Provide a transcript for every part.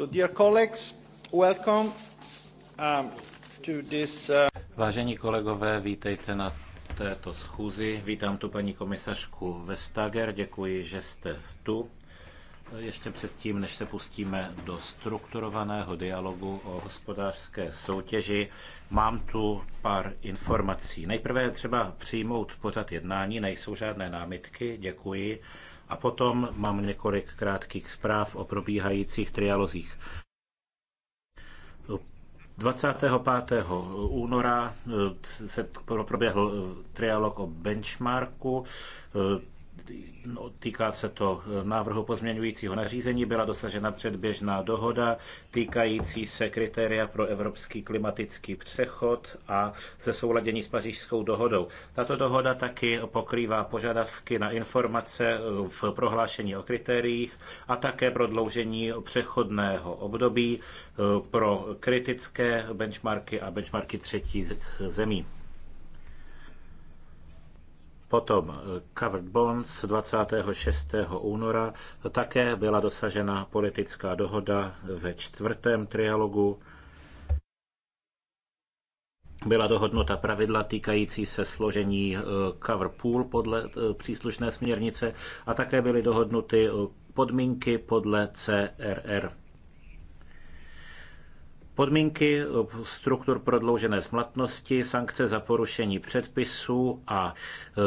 Um, uh, Vážení kolegové, vítejte na této schůzi. Vítám tu paní komisařku Vestager, děkuji, že jste tu. Ještě předtím, než se pustíme do strukturovaného dialogu o hospodářské soutěži, mám tu pár informací. Nejprve třeba přijmout pořad jednání, nejsou žádné námitky, děkuji a potom mám několik krátkých zpráv o probíhajících trialozích. 25. února eh, se proběhl eh, trialog o benchmarku. Eh, No, týká se to eh, návrhu pozměňujícího nařízení. Byla dosažena předběžná dohoda týkající se kritéria pro evropský klimatický přechod a se souladění s pařížskou dohodou. Tato dohoda taky pokrývá požadavky na informace eh, v prohlášení o kritériích a také prodloužení přechodného období eh, pro kritické benchmarky a benchmarky třetích zemí. Potom eh, Covered Bonds 26. února také byla dosažena politická dohoda ve čtvrtém trialogu. Byla dohodnuta pravidla týkající se složení eh, cover pool podle eh, příslušné směrnice a také byly dohodnuty podmínky podle CRR. Podmínky struktur prodloužené smlatnosti, sankce za porušení předpisů a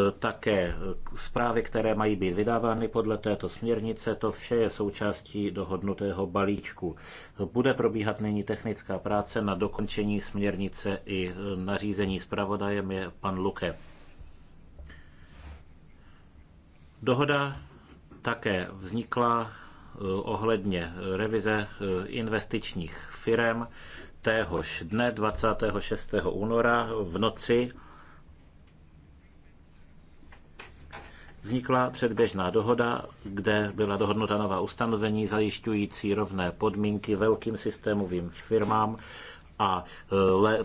e, také zprávy, které mají být vydávány podle této směrnice, to vše je součástí dohodnutého balíčku. Bude probíhat nyní technická práce na dokončení směrnice i nařízení. Spravodajem je pan Luke. Dohoda také vznikla Eh, ohledně revize eh, investičních firm téhož dne 26. února v noci vznikla předběžná dohoda, kde byla dohodnuta nová ustanovení zajišťující rovné podmínky velkým systémovým firmám a e,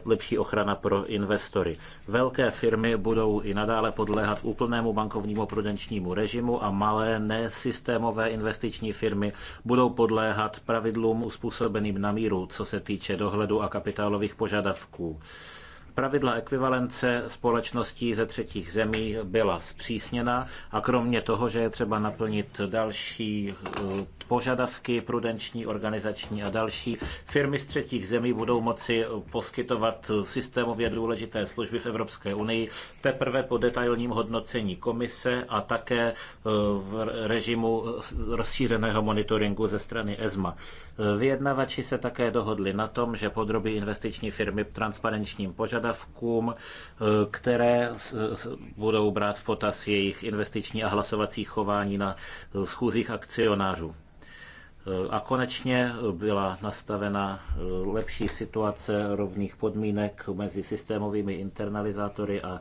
lepší ochrana pro investory. Velké firmy budou i nadále podléhat úplnému bankovnímu prudenčnímu režimu a malé nesystémové investiční firmy budou podléhat pravidlům uspůsobeným na míru, co se týče dohledu a kapitálových požadavků. Pravidla ekvivalence společností ze třetích zemí byla zpřísněna a kromě toho, že je třeba naplnit další e, požadavky prudenční, organizační a další. Firmy z třetích zemí budou moci poskytovat systémově důležité služby v Evropské unii teprve po detailním hodnocení komise a také eh, v režimu rozšířeného monitoringu ze strany ESMA. Vyjednavači se také dohodli na tom, že podrobí investiční firmy transparenčním požadavkům, eh, které budou brát v potaz jejich investiční a hlasovací chování na eh, schůzích akcionářů. Eh, a konečně eh, byla nastavena eh, lepší situace rovných podmínek mezi systémovými internalizátory a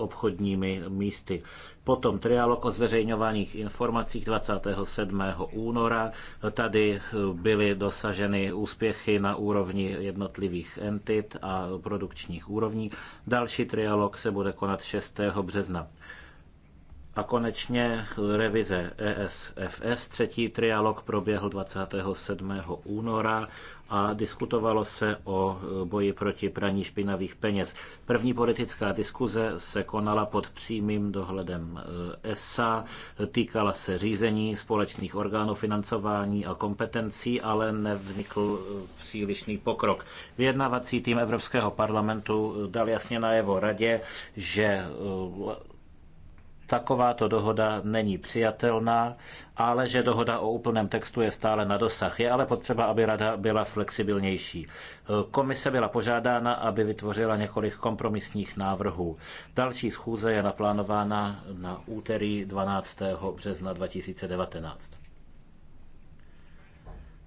obchodními místy. Potom trialog o zveřejňovaných informacích 27. února. Tady byly dosaženy úspěchy na úrovni jednotlivých entit a produkčních úrovní. Další trialog se bude konat 6. března. A konečně revize ESFS. Třetí trialog proběhl 27. února a diskutovalo se o e, boji proti praní špinavých peněz. První politická diskuze se konala pod přímým dohledem ESA, e týkala se řízení společných orgánů financování a kompetencí, ale nevznikl e, přílišný pokrok. Vyjednavací tým Evropského parlamentu dal jasně najevo radě, že takováto dohoda není přijatelná, ale že dohoda o úplném textu je stále na dosah. Je ale potřeba, aby rada byla flexibilnější. Komise byla požádána, aby vytvořila několik kompromisních návrhů. Další schůze je naplánována na úterý 12. března 2019.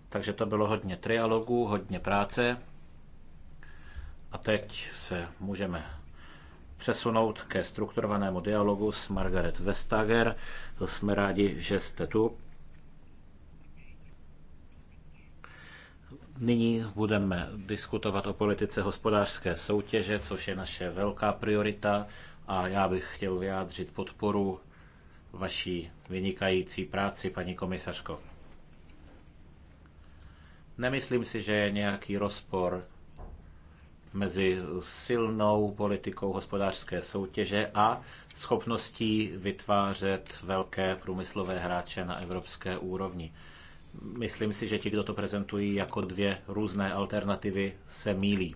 Takže to bylo hodně trialogů, hodně práce. A teď se můžeme přesunout ke strukturovanému dialogu s Margaret Vestager. Jsme rádi, že jste tu. Nyní budeme diskutovat o politice hospodářské soutěže, což je naše velká priorita a já bych chtěl vyjádřit podporu vaší vynikající práci, paní komisařko. Nemyslím si, že je nějaký rozpor mezi silnou politikou hospodářské soutěže a schopností vytvářet velké průmyslové hráče na evropské úrovni. Myslím si, že ti, kdo to prezentují jako dvě různé alternativy, se mílí.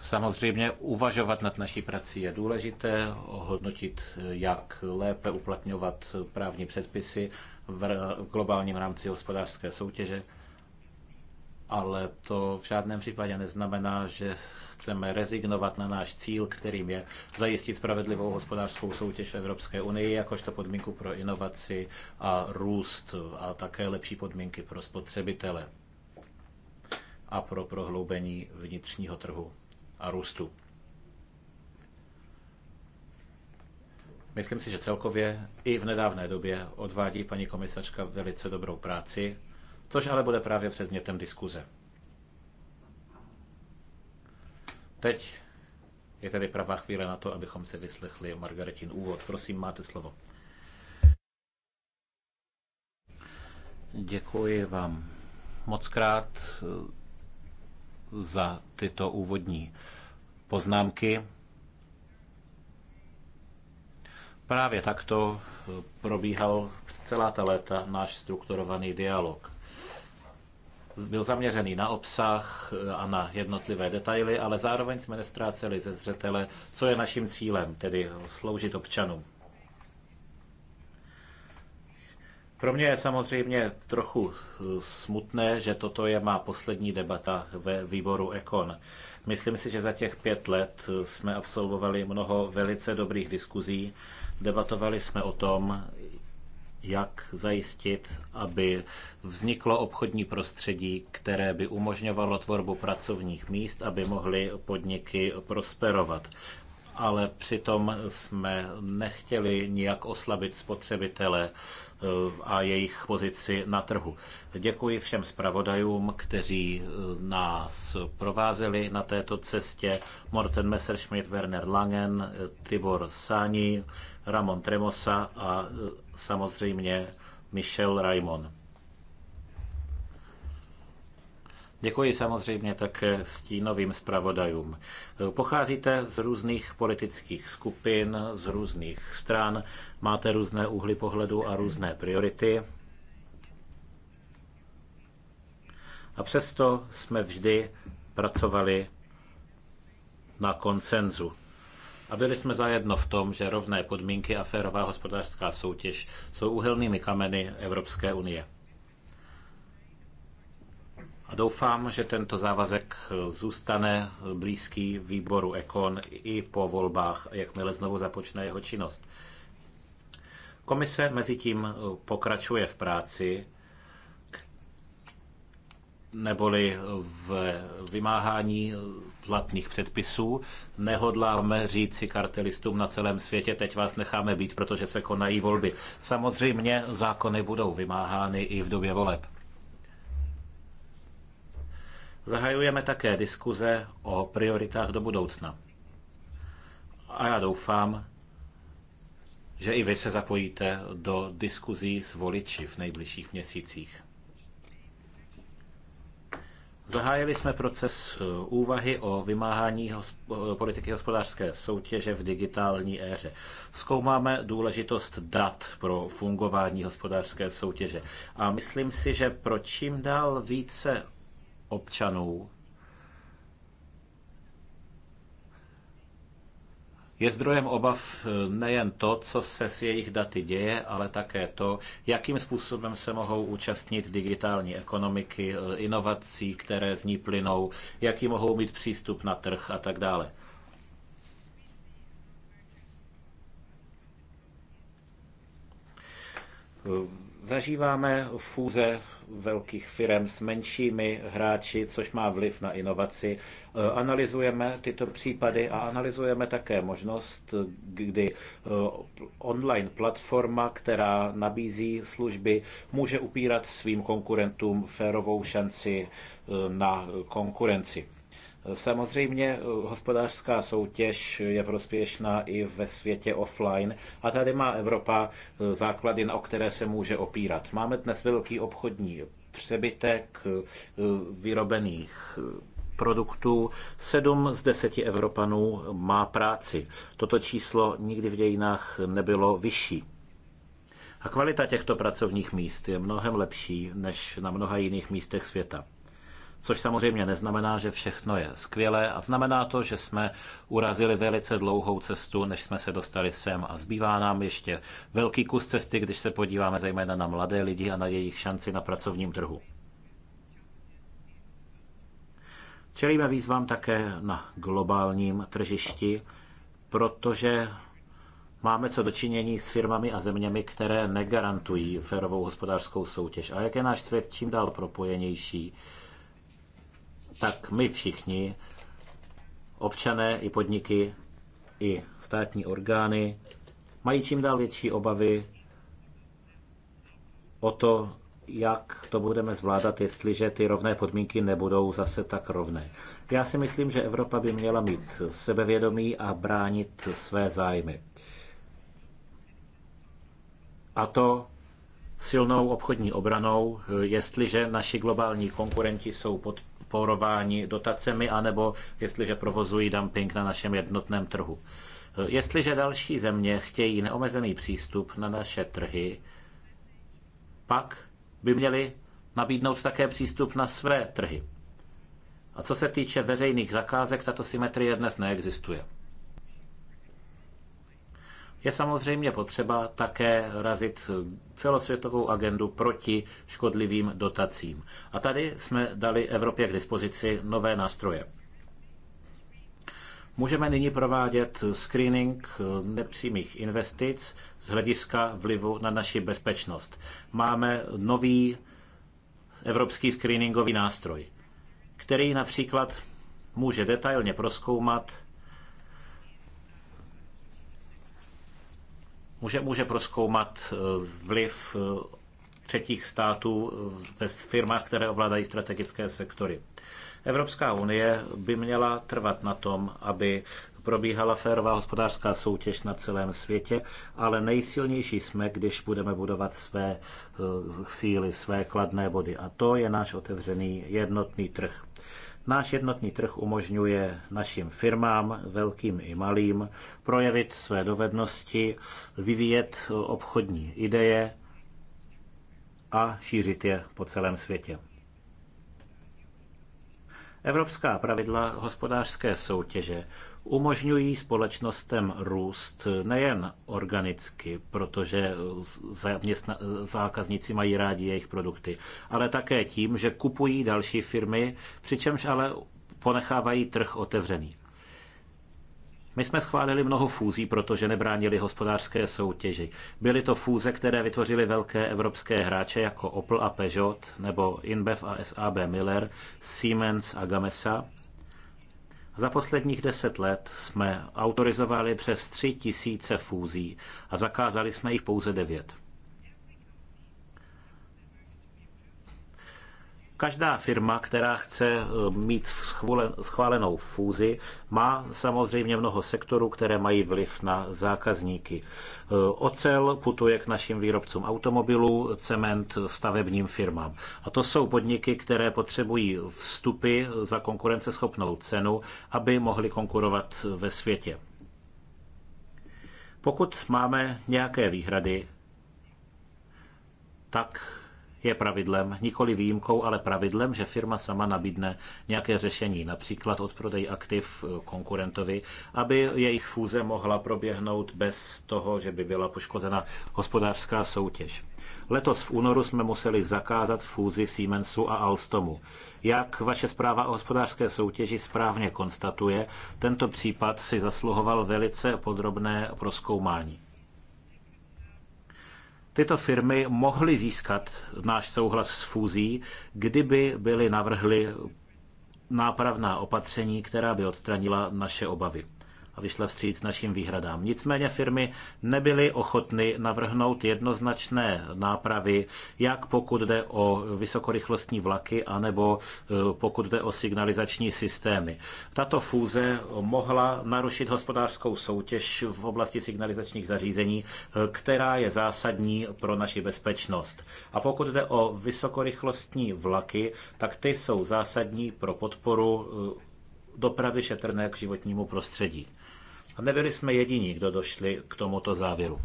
Samozřejmě uvažovat nad naší prací je důležité, hodnotit, jak lépe uplatňovat právní předpisy v globálním rámci hospodářské soutěže, ale to v žádném případě neznamená, že chceme rezignovat na náš cíl, kterým je zajistit spravedlivou hospodářskou soutěž v Evropské unii, jakožto podmínku pro inovaci a růst a také lepší podmínky pro spotřebitele a pro prohloubení vnitřního trhu a růstu. Myslím si, že celkově i v nedávné době odvádí paní komisařka velice dobrou práci, což ale bude právě předmětem diskuze. Teď je tedy pravá chvíle na to, abychom si vyslechli Margaretin úvod. Prosím, máte slovo. Děkuji vám moc krát za tyto úvodní poznámky. Právě takto eh, probíhal celá ta léta náš strukturovaný dialog. Byl zaměřený na obsah eh, a na jednotlivé detaily, ale zároveň jsme nestráceli ze zřetele, co je naším cílem, tedy sloužit občanům. Pro mě je samozřejmě trochu eh, smutné, že toto je má poslední debata ve výboru Ekon. Myslím si, že za těch pět let jsme absolvovali mnoho velice dobrých diskuzí Debatovali jsme o tom, jak zajistit, aby vzniklo obchodní prostředí, které by umožňovalo tvorbu pracovních míst, aby mohly podniky prosperovat. Ale přitom jsme nechtěli nijak oslabit spotřebitele eh, a jejich pozici na trhu. Děkuji všem zpravodajům, kteří eh, nás provázeli na této cestě. Morten Messerschmidt, Werner Langen, eh, Tibor Sani, Ramon Tremosa a e, samozřejmě Michel Raimon. Děkuji samozřejmě také stínovým zpravodajům. E, pocházíte z různých politických skupin, z různých stran, máte různé úhly pohledu a různé priority. A přesto jsme vždy pracovali na konsenzu. A byli jsme zajedno v tom, že rovné podmínky a férová hospodářská soutěž jsou uhelnými kameny Evropské unie. A doufám, že tento závazek zůstane blízký výboru Ekon i po volbách, jakmile znovu započne jeho činnost. Komise mezi tím pokračuje v práci, neboli v vymáhání platných předpisů. Nehodláme říci kartelistům na celém světě, teď vás necháme být, protože se konají volby. Samozřejmě zákony budou vymáhány i v době voleb. Zahajujeme také diskuze o prioritách do budoucna. A já doufám, že i vy se zapojíte do diskuzí s voliči v nejbližších měsících. Zahájili jsme proces eh, úvahy o vymáhání eh, politiky hospodářské soutěže v digitální éře. Zkoumáme důležitost dat pro fungování hospodářské soutěže. A myslím si, že pro čím dál více občanů Je zdrojem obav eh, nejen to, co se s jejich daty děje, ale také to, jakým způsobem se mohou účastnit digitální ekonomiky, eh, inovací, které z ní plynou, jaký mohou mít přístup na trh a tak dále. Eh, zažíváme fúze velkých firm s menšími hráči, což má vliv na inovaci. E, analyzujeme tyto případy a analyzujeme také možnost, kdy e, online platforma, která nabízí služby, může upírat svým konkurentům férovou šanci e, na konkurenci. Samozřejmě eh, hospodářská soutěž je prospěšná i ve světě offline a tady má Evropa eh, základy, na které se může opírat. Máme dnes velký obchodní přebytek eh, vyrobených produktů. Sedm z deseti Evropanů má práci. Toto číslo nikdy v dějinách nebylo vyšší. A kvalita těchto pracovních míst je mnohem lepší než na mnoha jiných místech světa což samozřejmě neznamená, že všechno je skvělé a znamená to, že jsme urazili velice dlouhou cestu, než jsme se dostali sem a zbývá nám ještě velký kus cesty, když se podíváme zejména na mladé lidi a na jejich šanci na pracovním trhu. Čelíme výzvám také na globálním tržišti, protože máme co dočinění s firmami a zeměmi, které negarantují férovou hospodářskou soutěž. A jak je náš svět čím dál propojenější, tak my všichni, občané i podniky, i státní orgány, mají čím dál větší obavy o to, jak to budeme zvládat, jestliže ty rovné podmínky nebudou zase tak rovné. Já si myslím, že Evropa by měla mít sebevědomí a bránit své zájmy. A to silnou obchodní obranou, jestliže naši globální konkurenti jsou pod podporování dotacemi, anebo jestliže provozují dumping na našem jednotném trhu. Jestliže další země chtějí neomezený přístup na naše trhy, pak by měli nabídnout také přístup na své trhy. A co se týče veřejných zakázek, tato symetrie dnes neexistuje. Je samozřejmě potřeba také razit celosvětovou agendu proti škodlivým dotacím. A tady jsme dali Evropě k dispozici nové nástroje. Můžeme nyní provádět screening eh, nepřímých investic z hlediska vlivu na naši bezpečnost. Máme nový evropský screeningový nástroj, který například může detailně proskoumat, může, může proskoumat eh, vliv eh, třetích států eh, ve firmách, které ovládají strategické sektory. Evropská unie by měla trvat na tom, aby probíhala férová hospodářská soutěž na celém světě, ale nejsilnější jsme, když budeme budovat své síly, své kladné body. A to je náš otevřený jednotný trh. Náš jednotný trh umožňuje našim firmám, velkým i malým, projevit své dovednosti, vyvíjet obchodní ideje a šířit je po celém světě. Evropská pravidla hospodářské soutěže umožňují společnostem růst nejen organicky, protože zákazníci mají rádi jejich produkty, ale také tím, že kupují další firmy, přičemž ale ponechávají trh otevřený. My jsme schválili mnoho fúzí, protože nebránili hospodářské soutěži. Byly to fúze, které vytvořily velké evropské hráče jako Opel a Peugeot, nebo InBev a SAB Miller, Siemens a Gamesa. Za posledních deset let jsme autorizovali přes tři tisíce fúzí a zakázali jsme jich pouze devět. Každá firma, která chce eh, mít schválenou fúzi, má samozřejmě mnoho sektorů, které mají vliv na zákazníky. Eh, ocel putuje k našim výrobcům automobilů, cement stavebním firmám. A to jsou podniky, které potřebují vstupy za konkurenceschopnou cenu, aby mohly konkurovat ve světě. Pokud máme nějaké výhrady, tak je pravidlem, nikoli výjimkou, ale pravidlem, že firma sama nabídne nějaké řešení, například odprodej aktiv eh, konkurentovi, aby jejich fúze mohla proběhnout bez toho, že by byla poškozena hospodářská soutěž. Letos v únoru jsme museli zakázat fúzi Siemensu a Alstomu. Jak vaše zpráva o hospodářské soutěži správně konstatuje, tento případ si zasluhoval velice podrobné proskoumání tyto firmy mohly získat náš souhlas s fúzí, kdyby byly navrhly nápravná opatření, která by odstranila naše obavy a vyšla vstříc našim výhradám. Nicméně firmy nebyly ochotny navrhnout jednoznačné nápravy, jak pokud jde o vysokorychlostní vlaky, anebo e, pokud jde o signalizační systémy. Tato fúze mohla narušit hospodářskou soutěž v oblasti signalizačních zařízení, e, která je zásadní pro naši bezpečnost. A pokud jde o vysokorychlostní vlaky, tak ty jsou zásadní pro podporu e, dopravy šetrné k životnímu prostředí. A nebyli jsme jediní, kdo došli k tomuto závěru.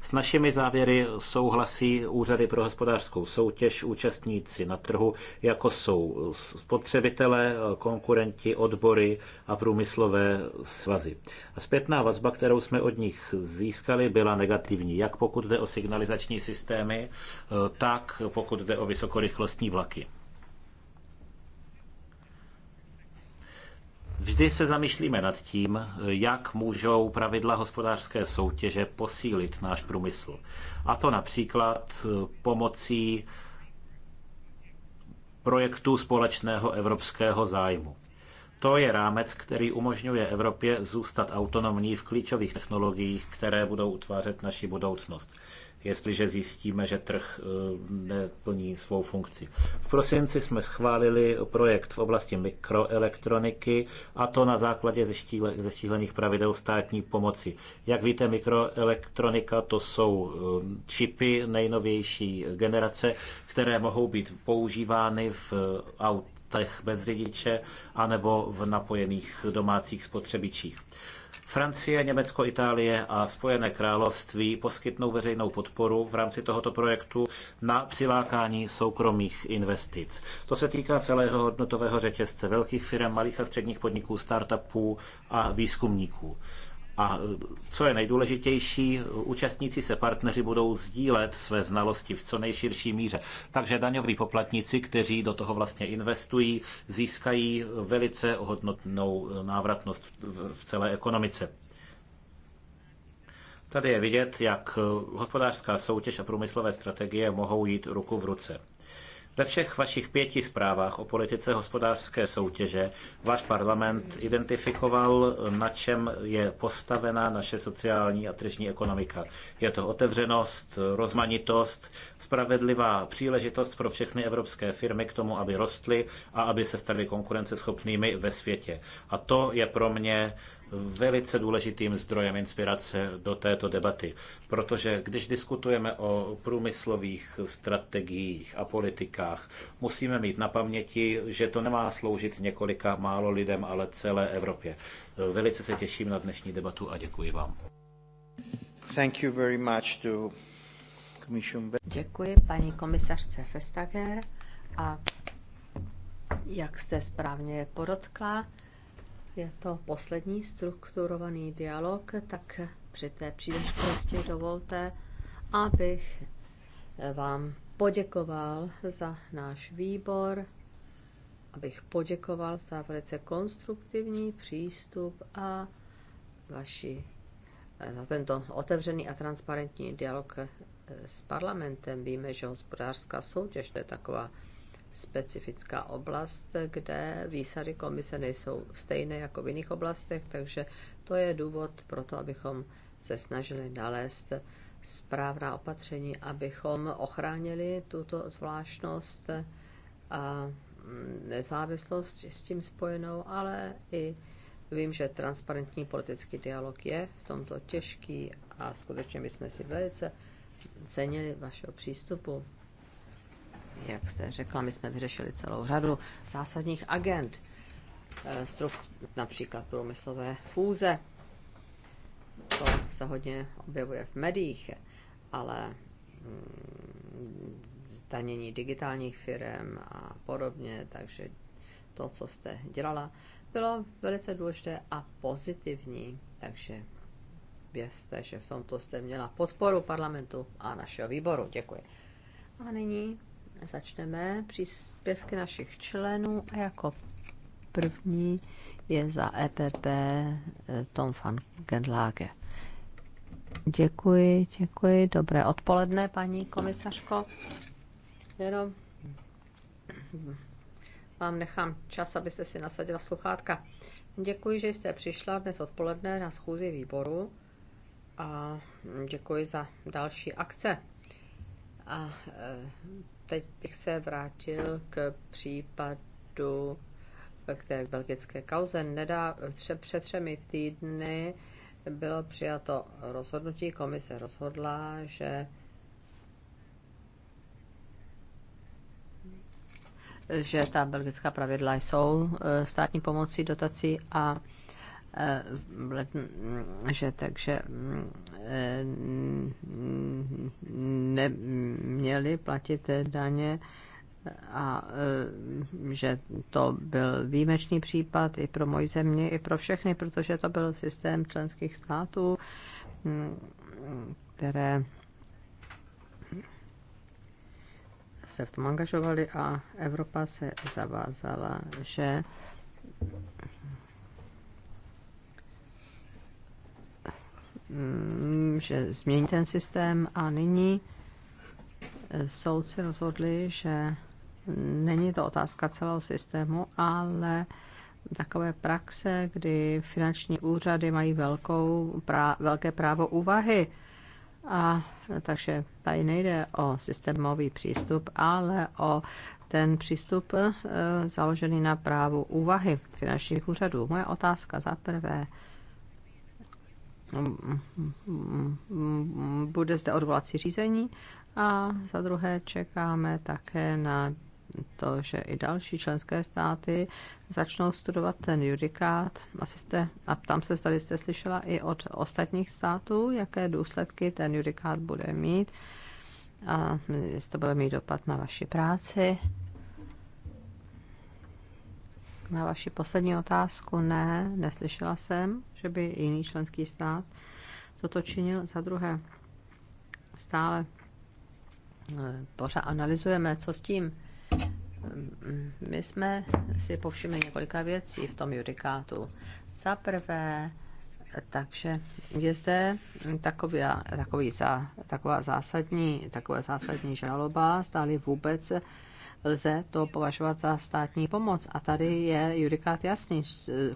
S našimi závěry souhlasí úřady pro hospodářskou soutěž, účastníci na trhu, jako jsou spotřebitelé, konkurenti, odbory a průmyslové svazy. A zpětná vazba, kterou jsme od nich získali, byla negativní, jak pokud jde o signalizační systémy, tak pokud jde o vysokorychlostní vlaky. Vždy se zamýšlíme nad tím, jak můžou pravidla hospodářské soutěže posílit náš průmysl. A to například eh, pomocí projektu společného evropského zájmu. To je rámec, který umožňuje Evropě zůstat autonomní v klíčových technologiích, které budou utvářet naši budoucnost jestliže zjistíme, že trh eh, neplní svou funkci. V prosinci jsme schválili projekt v oblasti mikroelektroniky a to na základě zeštíhlených pravidel státní pomoci. Jak víte, mikroelektronika to jsou eh, čipy nejnovější generace, které mohou být používány v eh, autech bez řidiče anebo v napojených domácích spotřebičích. Francie, Německo, Itálie a Spojené království poskytnou veřejnou podporu v rámci tohoto projektu na přilákání soukromých investic. To se týká celého hodnotového řetězce velkých firm, malých a středních podniků, startupů a výzkumníků. A e, co je nejdůležitější, účastníci se partneři budou sdílet své znalosti v co nejširší míře. Takže daňoví poplatníci, kteří do toho vlastně investují, získají velice hodnotnou e, návratnost v celé ekonomice. Tady je vidět, jak e, hospodářská soutěž a průmyslové strategie mohou jít ruku v ruce. Ve všech vašich pěti zprávách o politice hospodářské soutěže váš parlament identifikoval, na čem je postavena naše sociální a tržní ekonomika. Je to otevřenost, rozmanitost, spravedlivá příležitost pro všechny evropské firmy k tomu, aby rostly a aby se staly konkurenceschopnými ve světě. A to je pro mě velice důležitým zdrojem inspirace do této debaty, protože když diskutujeme o průmyslových strategiích a politikách, musíme mít na paměti, že to nemá sloužit několika málo lidem, ale celé Evropě. Velice se těším na dnešní debatu a děkuji vám. Thank you very much to commission. Děkuji paní komisařce Festager a jak jste správně podotkla, je to poslední strukturovaný dialog, tak při té příležitosti dovolte, abych vám poděkoval za náš výbor, abych poděkoval za velice konstruktivní přístup a vaši za tento otevřený a transparentní dialog s parlamentem. Víme, že hospodářská soutěž to je taková specifická oblast, kde výsady komise nejsou stejné jako v jiných oblastech, takže to je důvod pro to, abychom se snažili nalézt správná opatření, abychom ochránili tuto zvláštnost a nezávislost s tím spojenou, ale i vím, že transparentní politický dialog je v tomto těžký a skutečně my jsme si velice cenili vašeho přístupu jak jste řekla, my jsme vyřešili celou řadu zásadních agent, eh, například průmyslové fůze. To se hodně objevuje v médiích, ale mm, zdanění digitálních firm a podobně, takže to, co jste dělala, bylo velice důležité a pozitivní, takže vězte, že v tomto jste měla podporu parlamentu a našeho výboru. Děkuji. A nyní začneme příspěvky našich členů a jako první je za EPP eh, Tom van Gendlage. Děkuji, děkuji. Dobré odpoledne, paní komisařko. Jenom vám nechám čas, abyste si nasadila sluchátka. Děkuji, že jste přišla dnes odpoledne na schůzi výboru a děkuji za další akce, a e, teď bych se vrátil k případu e, k té belgické kauze. Nedá, tře, před třemi týdny bylo přijato rozhodnutí, komise rozhodla, že že ta belgická pravidla jsou e, státní pomocí, dotací a Eh, mm, že takže mm, eh, neměli platit daně a eh, že to byl výjimečný případ i pro moji země i pro všechny, protože to byl systém členských států, mm, které se v tom angažovali a Evropa se zavázala, že Mm, že změní ten systém a nyní eh, soudci rozhodli, že není to otázka celého systému, ale takové praxe, kdy finanční úřady mají velkou, prá, velké právo úvahy. A eh, takže tady nejde o systémový přístup, ale o ten přístup e, založený na právu úvahy finančních úřadů. Moje otázka za prvé, bude zde odvolací řízení a za druhé čekáme také na to, že i další členské státy začnou studovat ten judikát. Asi jste, a tam se, zda jste slyšela i od ostatních států, jaké důsledky ten judikát bude mít a jestli to bude mít dopad na vaši práci. Na vaši poslední otázku ne, neslyšela jsem že by jiný členský stát toto činil. Za druhé, stále eh, pořád analyzujeme, co s tím. Eh, my jsme si povšimli několika věcí v tom judikátu. Za prvé, takže je zde takový, takový za, taková zásadní, taková zásadní žaloba, stále vůbec lze to považovat za státní pomoc. A tady je judikát jasný,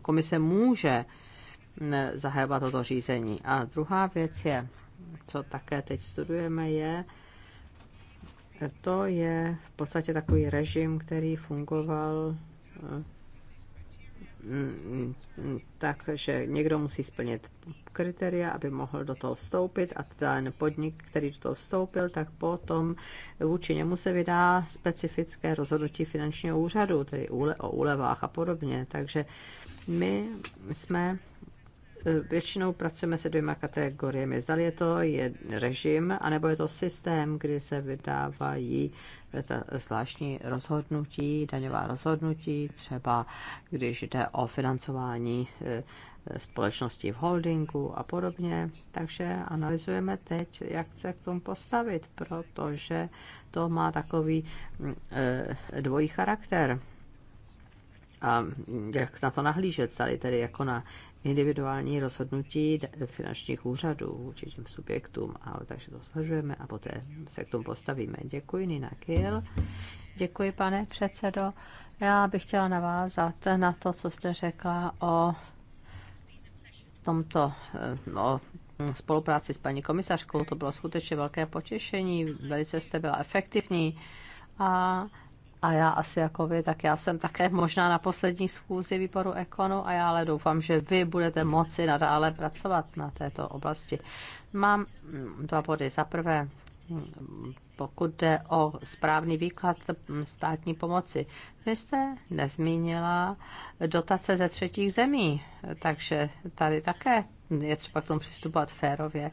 komise může zahajovat toto řízení. A druhá věc je, co také teď studujeme, je, to je v podstatě takový režim, který fungoval mm, takže někdo musí splnit kritéria, aby mohl do toho vstoupit a ten podnik, který do toho vstoupil, tak potom vůči němu se vydá specifické rozhodnutí finančního úřadu, tedy o úlevách a podobně. Takže my jsme většinou pracujeme se dvěma kategoriemi. Zda je to je režim, anebo je to systém, kdy se vydávají ta zvláštní rozhodnutí, daňová rozhodnutí, třeba když jde o financování eh, společnosti v holdingu a podobně. Takže analyzujeme teď, jak se k tomu postavit, protože to má takový eh, dvojí charakter a jak na to nahlížet tady, tedy jako na individuální rozhodnutí finančních úřadů vůči těm subjektům. A, takže to zvažujeme a poté se k tomu postavíme. Děkuji, Nina Kiel. Děkuji, pane předsedo. Já bych chtěla navázat na to, co jste řekla o tomto, eh, o spolupráci s paní komisařkou. To bylo skutečně velké potěšení, velice jste byla efektivní a a já asi jako vy, tak já jsem také možná na poslední schůzi výboru Ekonu a já ale doufám, že vy budete moci nadále pracovat na této oblasti. Mám mm, dva body. Za prvé, mm, pokud jde o správný výklad mm, státní pomoci. Vy jste nezmínila dotace ze třetích zemí, takže tady také je třeba k tomu přistupovat férově.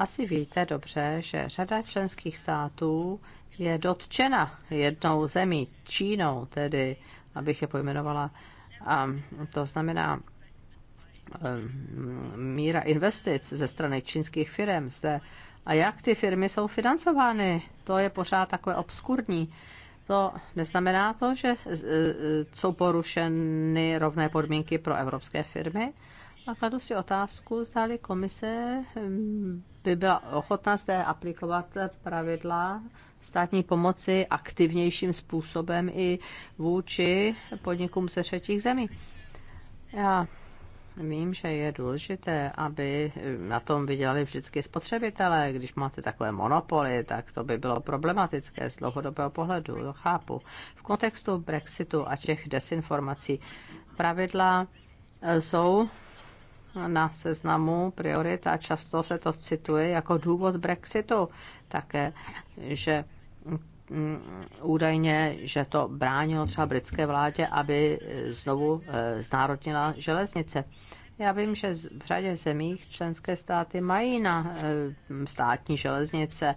Asi víte dobře, že řada členských států je dotčena jednou zemí, Čínou tedy, abych je pojmenovala. A to znamená, ehm, míra investic ze strany čínských firm zde. A jak ty firmy jsou financovány, to je pořád takové obskurní. To neznamená to, že e, e, jsou porušeny rovné podmínky pro evropské firmy? A kladu si otázku, zdali komise ehm, by byla ochotná zde aplikovat pravidla státní pomoci aktivnějším způsobem i vůči podnikům ze třetích zemí. Já vím, že je důležité, aby na tom vydělali vždycky spotřebitelé. Když máte takové monopoly, tak to by bylo problematické z dlouhodobého pohledu, to chápu. V kontextu Brexitu a těch desinformací pravidla jsou na seznamu priorit a často se to cituje jako důvod Brexitu také, že mm, údajně, že to bránilo třeba britské vládě, aby znovu eh, znárodnila železnice. Já vím, že v řadě zemích členské státy mají na eh, státní železnice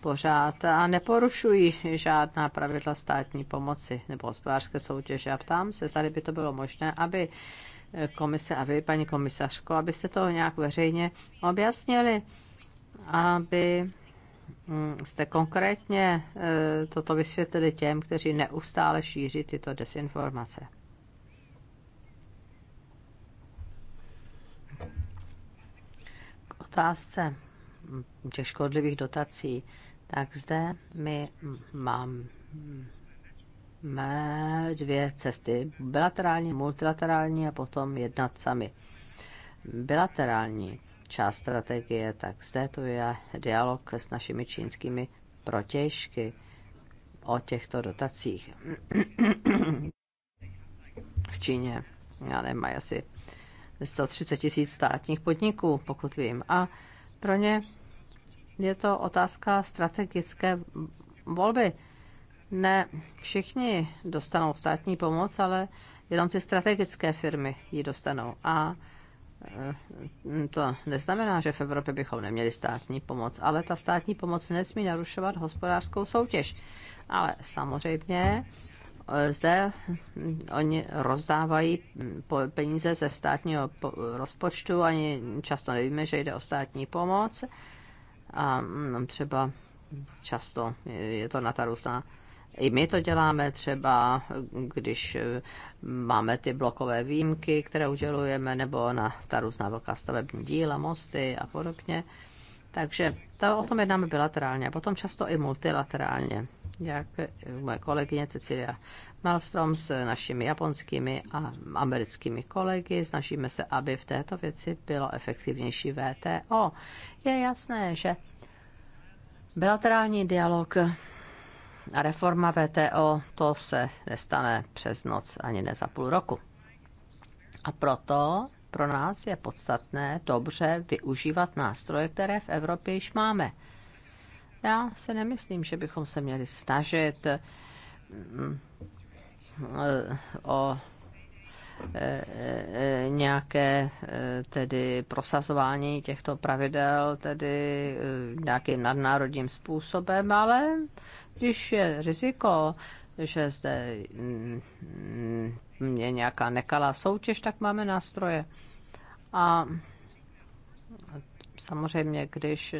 pořád a neporušují žádná pravidla státní pomoci nebo hospodářské soutěže. A ptám se, zda by to bylo možné, aby komise a vy, paní komisařko, abyste to nějak veřejně objasnili, aby mm, jste konkrétně eh, toto vysvětlili těm, kteří neustále šíří tyto desinformace. K otázce těch škodlivých dotací, tak zde my mám mé dvě cesty. Bilaterální, multilaterální a potom jednat sami. Bilaterální část strategie, tak zde to je dialog s našimi čínskými protěžky o těchto dotacích. v Číně, já nevím, mají asi 130 tisíc státních podniků, pokud vím. A pro ně je to otázka strategické volby ne všichni dostanou státní pomoc, ale jenom ty strategické firmy ji dostanou. A e, to neznamená, že v Evropě bychom neměli státní pomoc, ale ta státní pomoc nesmí narušovat hospodářskou soutěž. Ale samozřejmě e, zde oni rozdávají peníze ze státního rozpočtu, ani často nevíme, že jde o státní pomoc. A mm, třeba často je to na ta různá i my to děláme třeba, když eh, máme ty blokové výjimky, které udělujeme, nebo na ta různá velká stavební díla, mosty a podobně. Takže to, o tom jednáme bilaterálně a potom často i multilaterálně, jak eh, moje kolegyně Cecilia Malstrom s našimi japonskými a americkými kolegy. Snažíme se, aby v této věci bylo efektivnější VTO. Je jasné, že bilaterální dialog reforma VTO, to se nestane přes noc ani ne za půl roku. A proto pro nás je podstatné dobře využívat nástroje, které v Evropě již máme. Já se nemyslím, že bychom se měli snažit mm, o e, e, nějaké e, tedy prosazování těchto pravidel tedy nějakým nadnárodním způsobem, ale když je riziko, že zde mm, mm, je nějaká nekalá soutěž, tak máme nástroje. A samozřejmě, když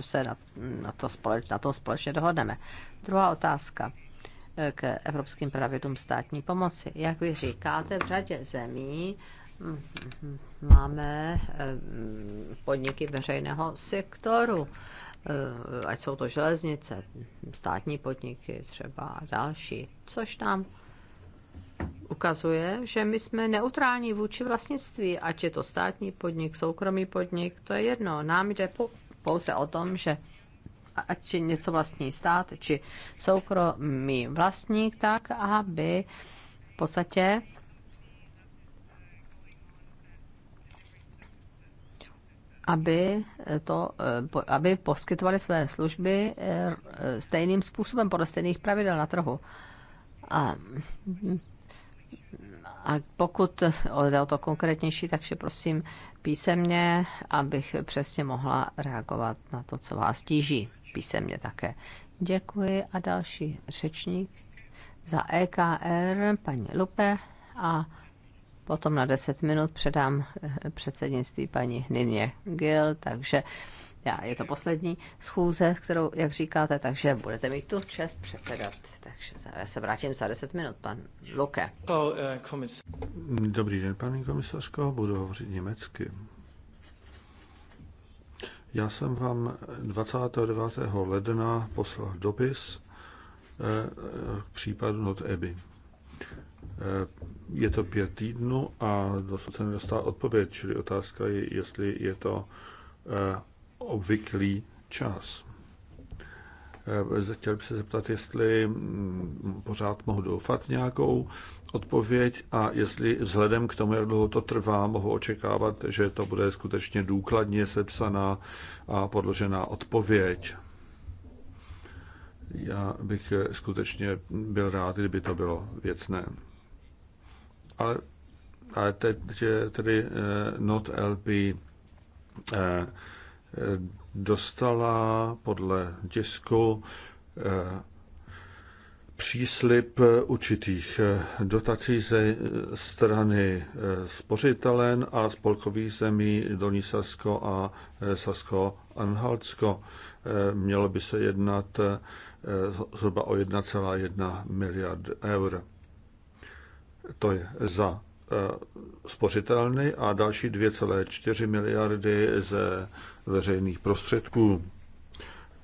se na, na, to, společ, na to společně dohodneme. Druhá otázka eh, k evropským pravidlům státní pomoci. Jak vy říkáte, v řadě zemí mm, máme eh, podniky veřejného sektoru, Eh, ať jsou to železnice, státní podniky třeba a další, což nám ukazuje, že my jsme neutrální vůči vlastnictví, ať je to státní podnik, soukromý podnik, to je jedno. Nám jde pouze o tom, že ať je něco vlastní stát, či soukromý vlastník, tak aby v podstatě aby, eh, to, eh, aby poskytovali své služby eh, stejným způsobem, podle stejných pravidel na trhu. A, a pokud jde o to konkrétnější, takže prosím písemně, abych přesně mohla reagovat na to, co vás tíží. Písemně také. Děkuji a další řečník za EKR, paní Lupe a potom na 10 minut předám eh, předsednictví paní Nině Gil, takže já, je to poslední schůze, kterou, jak říkáte, takže budete mít tu čest předsedat. Takže já se vrátím za 10 minut, pan Luke. Eh, Dobrý den, paní komisařko, budu hovořit německy. Já jsem vám 29. ledna poslal dopis eh, k případu not EBI. Eh, je to pět týdnů a dosud se nedostala odpověď, čili otázka je, jestli je to eh, obvyklý čas. Eh, chtěl bych se zeptat, jestli hm, pořád mohu doufat nějakou odpověď a jestli vzhledem k tomu, jak dlouho to trvá, mohu očekávat, že to bude skutečně důkladně sepsaná a podložená odpověď. Já bych skutečně byl rád, kdyby to bylo věcné ale, ale teď, že tedy eh, not LP eh, eh, dostala podle tisku příslip určitých dotací ze strany spořitelen a spolkových zemí Dolní Sasko a Sasko-Anhaltsko. Mělo by se jednat zhruba o 1,1 miliard eur to je za eh, spořitelny a další 2,4 miliardy ze veřejných prostředků.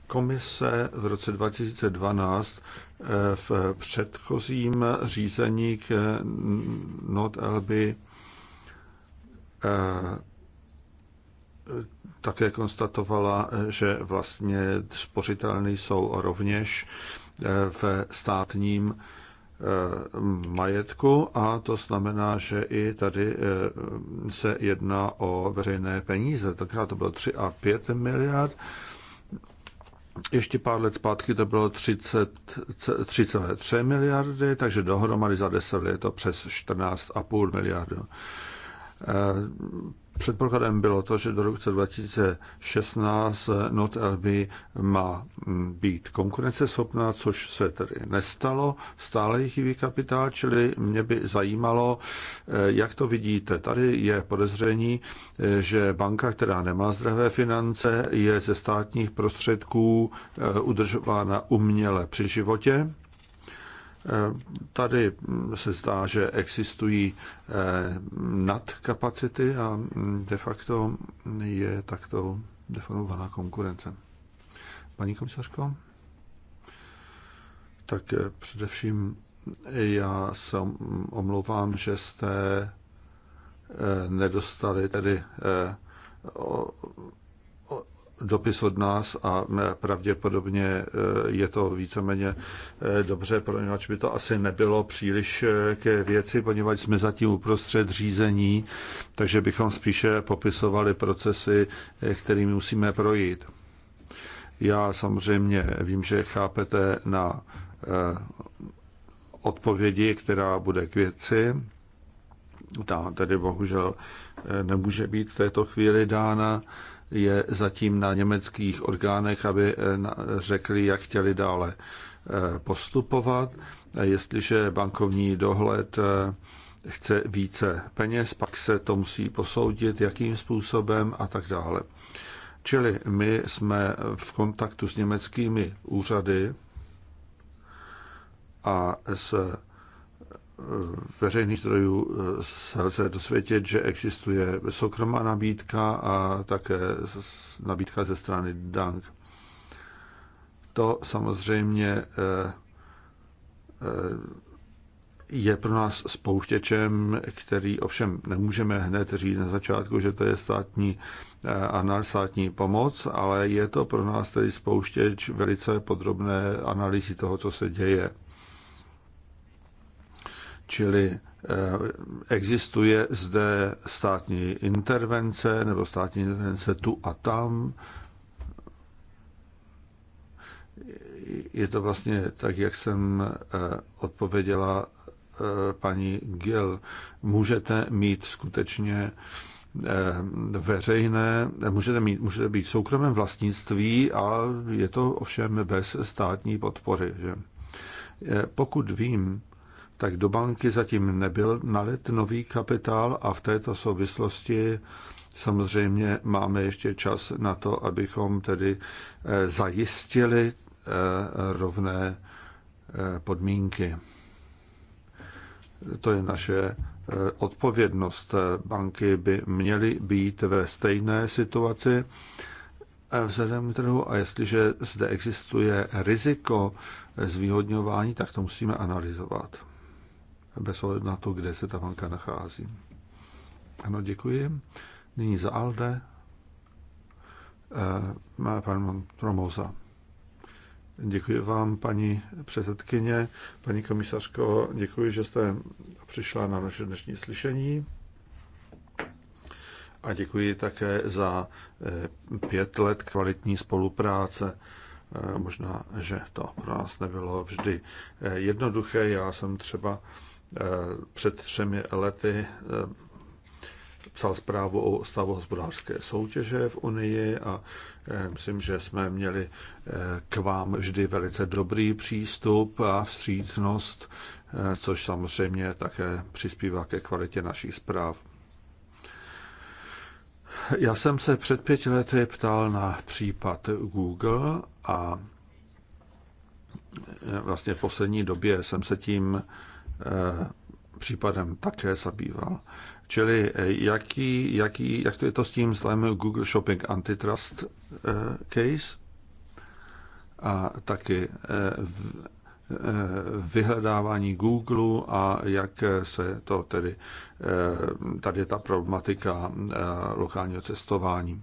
Komise v roce 2012 eh, v předchozím řízení k not eh, také konstatovala, že vlastně spořitelny jsou rovněž v státním Eh, majetku a to znamená, že i tady eh, se jedná o veřejné peníze. Tenkrát to bylo 3 a 5 miliard. Ještě pár let zpátky to bylo 3,3 miliardy, takže dohromady za 10 let je to přes 14,5 miliardy. Eh, Předpokladem bylo to, že do roku 2016 Not LB má mm, být konkurenceschopná, což se tedy nestalo. Stále jich chybí kapitál, čili mě by zajímalo, eh, jak to vidíte. Tady je podezření, eh, že banka, která nemá zdravé finance, je ze státních prostředků eh, udržována uměle při životě Eh, tady hm, se zdá, že existují eh, nadkapacity a hm, de facto je takto deformovaná konkurence. Paní komisařko? Tak eh, především já se omlouvám, že jste nedostali tedy dopis od nás a pravděpodobně eh, je to víceméně eh, dobře, poněvadž by to asi nebylo příliš eh, ke věci, poněvadž jsme zatím uprostřed řízení, takže bychom spíše popisovali procesy, kterými musíme projít. Já samozřejmě vím, že chápete na odpovědi, která bude k věci. Ta tedy bohužel nemůže být v této chvíli dána je zatím na německých orgánech, aby eh, řekli, jak chtěli dále eh, postupovat. Jestliže bankovní dohled eh, chce více peněz, pak se to musí posoudit, jakým způsobem a tak dále. Čili my jsme v kontaktu s německými úřady a s veřejných zdrojů eh, se lze dosvědět, že existuje soukromá nabídka a také nabídka ze strany Dank. To samozřejmě eh, eh, je pro nás spouštěčem, který ovšem nemůžeme hned říct na začátku, že to je státní a státní pomoc, ale je to pro nás tedy spouštěč velice podrobné analýzy toho, co se děje. Čili eh, existuje zde státní intervence nebo státní intervence tu a tam. Je to vlastně tak, jak jsem eh, odpověděla eh, paní Gil. Můžete mít skutečně veřejné, můžete, mít, můžete být soukromém vlastnictví a je to ovšem bez státní podpory. Že? Pokud vím, tak do banky zatím nebyl nalet nový kapitál a v této souvislosti samozřejmě máme ještě čas na to, abychom tedy eh, zajistili eh, rovné eh, podmínky. To je naše odpovědnost. Banky by měly být ve stejné situaci vzhledem k trhu a jestliže zde existuje riziko zvýhodňování, tak to musíme analyzovat bez ohledu na to, kde se ta banka nachází. Ano, děkuji. Nyní za Alde. Eh, má pan Promoza. Děkuji vám, paní předsedkyně, paní komisařko, děkuji, že jste přišla na naše dnešní slyšení. A děkuji také za eh, pět let kvalitní spolupráce. Eh, možná, že to pro nás nebylo vždy jednoduché. Já jsem třeba Eh, před třemi lety eh, psal zprávu o stavu hospodářské soutěže v Unii a eh, myslím, že jsme měli k vám vždy velice dobrý přístup a vstřícnost, což samozřejmě také přispívá ke kvalitě našich zpráv. Já jsem se před pěti lety ptal na případ Google a vlastně v poslední době jsem se tím Eh, případem také zabýval. Čili eh, jaký, jaký, jak to je to s tím zlem Google Shopping Antitrust eh, case a taky vyhledávání Google a jak se to tedy, tady ta problematika lokálního cestování.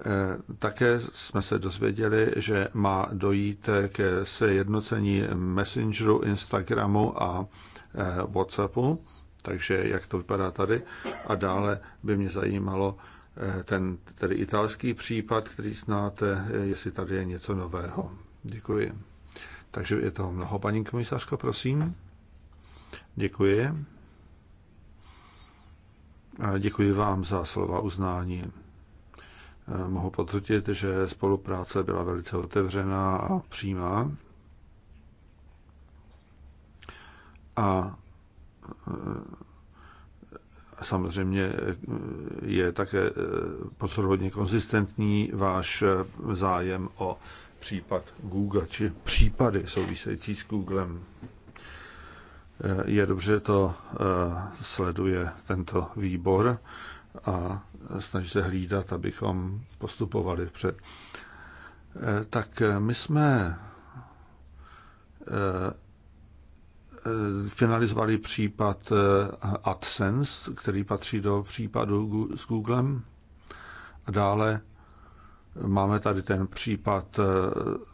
Eh, také jsme se dozvěděli, že má dojít ke sjednocení Messengeru, Instagramu a eh, WhatsAppu, takže jak to vypadá tady. A dále by mě zajímalo eh, ten tedy italský případ, který znáte, jestli tady je něco nového. Děkuji. Takže je toho mnoho. Paní komisařko, prosím. Děkuji. Děkuji vám za slova uznání. Eh, mohu potvrdit, že spolupráce byla velice otevřená a přímá. A eh, samozřejmě je také eh, pozoruhodně konzistentní váš zájem o případ Google, či případy související s Googlem. Je dobře, že to sleduje tento výbor a snaží se hlídat, abychom postupovali před. Eh, tak eh, my jsme eh, finalizovali případ AdSense, který patří do případu s Googlem. A dále máme tady ten případ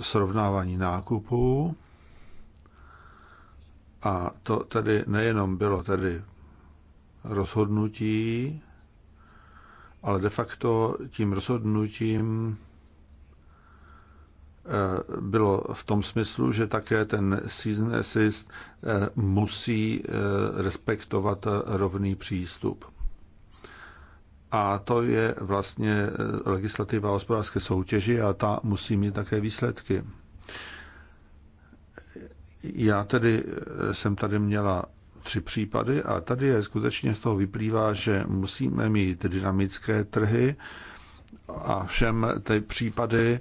srovnávání nákupů. A to tedy nejenom bylo tedy rozhodnutí ale de facto tím rozhodnutím eh, bylo v tom smyslu, že také ten season assist eh, musí eh, respektovat rovný přístup. A to je vlastně legislativa hospodářské soutěži a ta musí mít také výsledky. Já tedy jsem tady měla tři případy a tady je skutečně z toho vyplývá, že musíme mít dynamické trhy a všem ty případy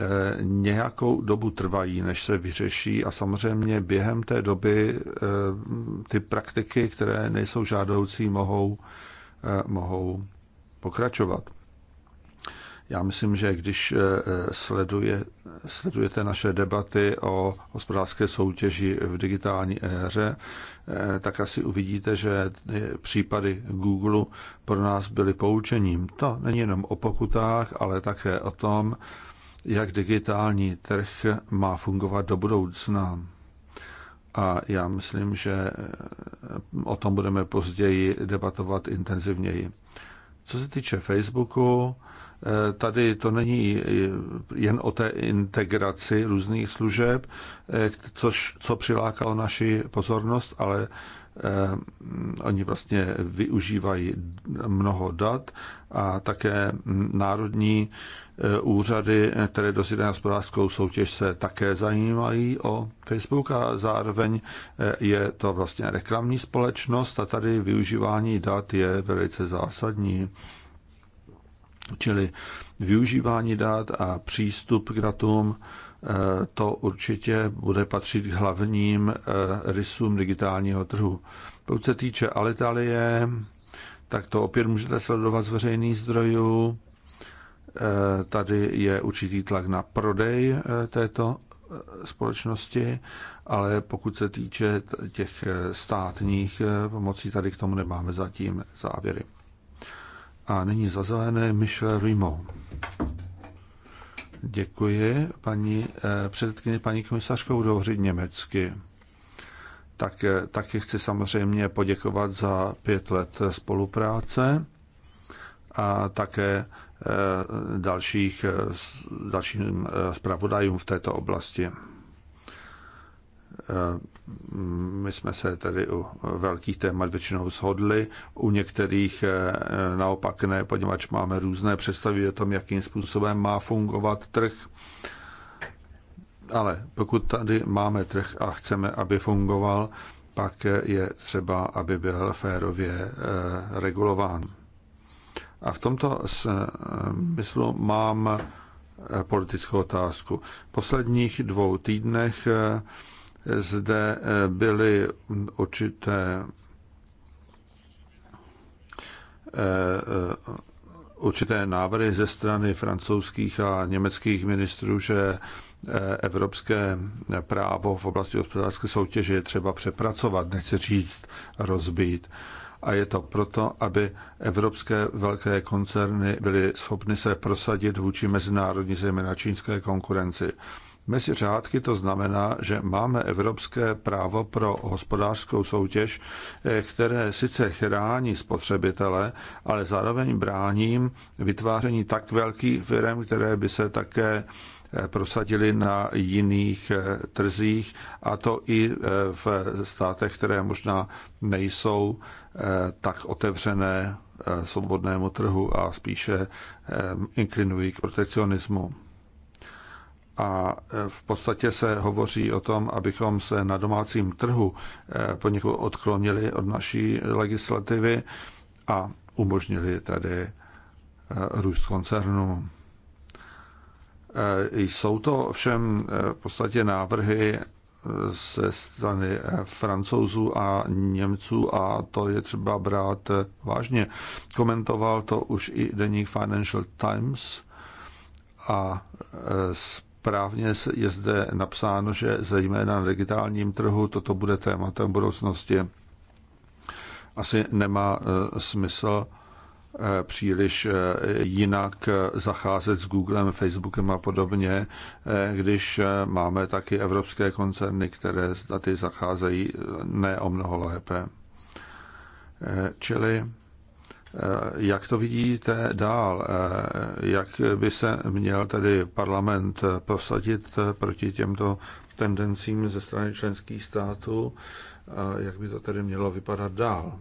eh, nějakou dobu trvají, než se vyřeší a samozřejmě během té doby eh, ty praktiky, které nejsou žádoucí, mohou, eh, mohou pokračovat. Já myslím, že když eh, eh, sleduje, sledujete naše debaty o hospodářské soutěži v digitální éře, eh, tak asi uvidíte, že případy Google pro nás byly poučením. To není jenom o pokutách, ale také o tom, jak digitální trh má fungovat do budoucna. A já myslím, že o tom budeme později debatovat intenzivněji. Co se týče Facebooku, Eh, tady to není eh, jen o té integraci různých služeb, eh, což, co přilákalo naši pozornost, ale oni vlastně využívají mnoho dat a také národní úřady, které dosídají na hospodářskou soutěž, se také zajímají o Facebook a zároveň je to vlastně reklamní společnost a tady využívání dat je velice zásadní. Čili využívání dat a přístup k datům, eh, to určitě bude patřit k hlavním eh, rysům digitálního trhu. Pokud se týče Alitalie, tak to opět můžete sledovat z veřejných zdrojů. Eh, tady je určitý tlak na prodej této společnosti, ale pokud se týče těch státních pomocí, tady k tomu nemáme zatím závěry. A nyní za zelené Michel Rimo. Děkuji, paní eh, předsedkyně, paní komisařko, budu německy. Tak, eh, taky chci samozřejmě poděkovat za pět let spolupráce a také eh, dalších, dalším zpravodajům v této oblasti. Eh, mm, my jsme se tedy u velkých témat většinou shodli, u některých eh, naopak ne, poněvadž máme různé představy o tom, jakým způsobem má fungovat trh. Ale pokud tady máme trh a chceme, aby fungoval, pak je třeba, aby byl férově eh, regulován. A v tomto smyslu mám politickou otázku. V posledních dvou týdnech zde eh, byly určité eh, určité návrhy ze strany francouzských a německých ministrů, že eh, evropské právo v oblasti hospodářské soutěže je třeba přepracovat, nechci říct rozbít. A je to proto, aby evropské velké koncerny byly schopny se prosadit vůči mezinárodní, zejména čínské konkurenci. Mezi řádky to znamená, že máme evropské právo pro hospodářskou soutěž, eh, které sice chrání spotřebitele, ale zároveň brání vytváření tak velkých firm, které by se také eh, prosadili na jiných eh, trzích, a to i v státech, které možná nejsou tak otevřené svobodnému trhu a spíše inklinují k protekcionismu a e, v podstatě se hovoří o tom, abychom se na domácím trhu e, poněkud odklonili od naší legislativy a umožnili tady e, růst koncernu. Jsou to všem v podstatě návrhy ze strany francouzů a Němců a to je třeba brát vážně. Komentoval to už i deník Financial Times a z Správně je zde napsáno, že zejména na digitálním trhu toto bude tématem budoucnosti. Asi nemá e, smysl e, příliš e, jinak zacházet s Googlem, Facebookem a podobně, když máme taky evropské koncerny, které s daty zacházejí ne o mnoho lépe. Čili Eh, jak to vidíte dál? Eh, jak by se měl tedy parlament eh, prosadit proti těmto tendencím ze strany členských států? Jak by to tedy mělo vypadat dál?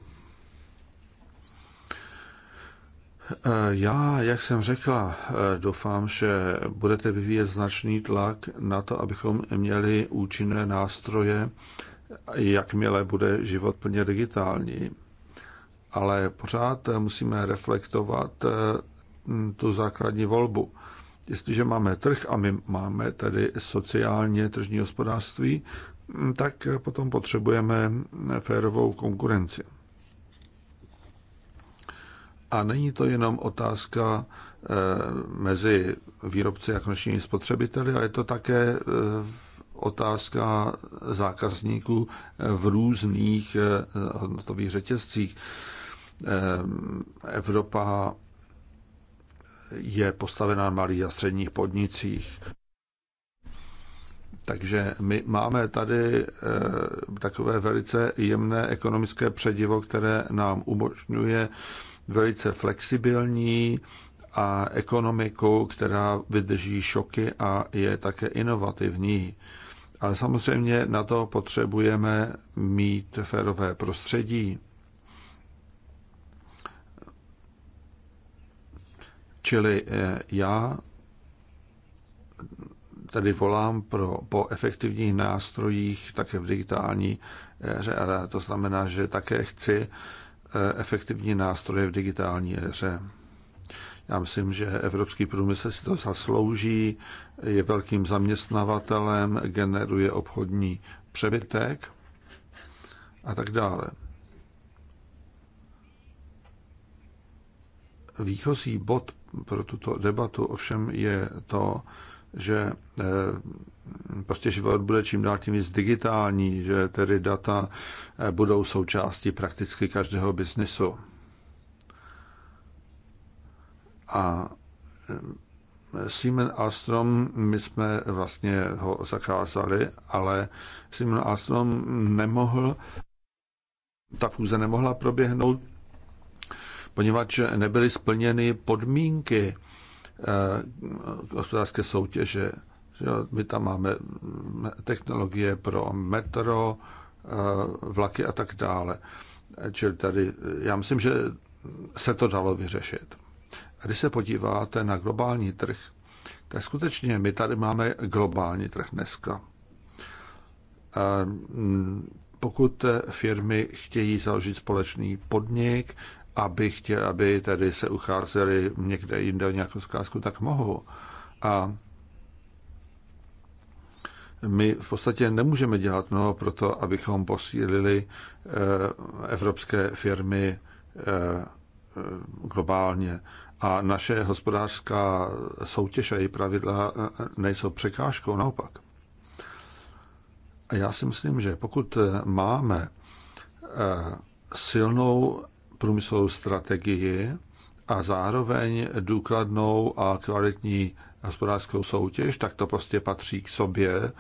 Já, jak jsem řekla, doufám, že budete vyvíjet značný tlak na to, abychom měli účinné nástroje, jakmile bude život plně digitální ale pořád musíme reflektovat eh, tu základní volbu. Jestliže máme trh a my máme tedy sociálně tržní hospodářství, tak potom potřebujeme férovou konkurenci. A není to jenom otázka eh, mezi výrobci a konečnými spotřebiteli, ale je to také eh, otázka zákazníků v různých hodnotových řetězcích. Eh, Evropa je postavena na malých a středních podnicích. Takže my máme tady eh, takové velice jemné ekonomické předivo, které nám umožňuje velice flexibilní a ekonomiku, která vydrží šoky a je také inovativní. Ale samozřejmě na to potřebujeme mít férové prostředí Čili eh, já tady volám pro, po efektivních nástrojích také v digitální éře. Eh, a to znamená, že také chci eh, efektivní nástroje v digitální éře. Já myslím, že evropský průmysl si to zaslouží, je velkým zaměstnavatelem, generuje obchodní přebytek a tak dále. Výchozí bod pro tuto debatu ovšem je to, že eh, prostě život bude čím dál tím víc digitální, že tedy data eh, budou součástí prakticky každého biznesu. A eh, Simon Alstrom, my jsme vlastně ho zakázali, ale Simon Alstrom nemohl, ta fúze nemohla proběhnout, poněvadž nebyly splněny podmínky eh, hospodářské soutěže. My tam máme technologie pro metro, eh, vlaky a tak dále. Čili tady, eh, já myslím, že se to dalo vyřešit. A když se podíváte na globální trh, tak skutečně my tady máme globální trh dneska. Pokud firmy chtějí založit společný podnik, aby, chtěl, aby tady se ucházeli někde jinde o nějakou zkázku, tak mohou. A my v podstatě nemůžeme dělat mnoho pro to, abychom posílili eh, evropské firmy eh, eh, globálně. A naše hospodářská soutěž a její pravidla nejsou překážkou, naopak. A já si myslím, že pokud máme silnou průmyslovou strategii a zároveň důkladnou a kvalitní hospodářskou soutěž, tak to prostě patří k sobě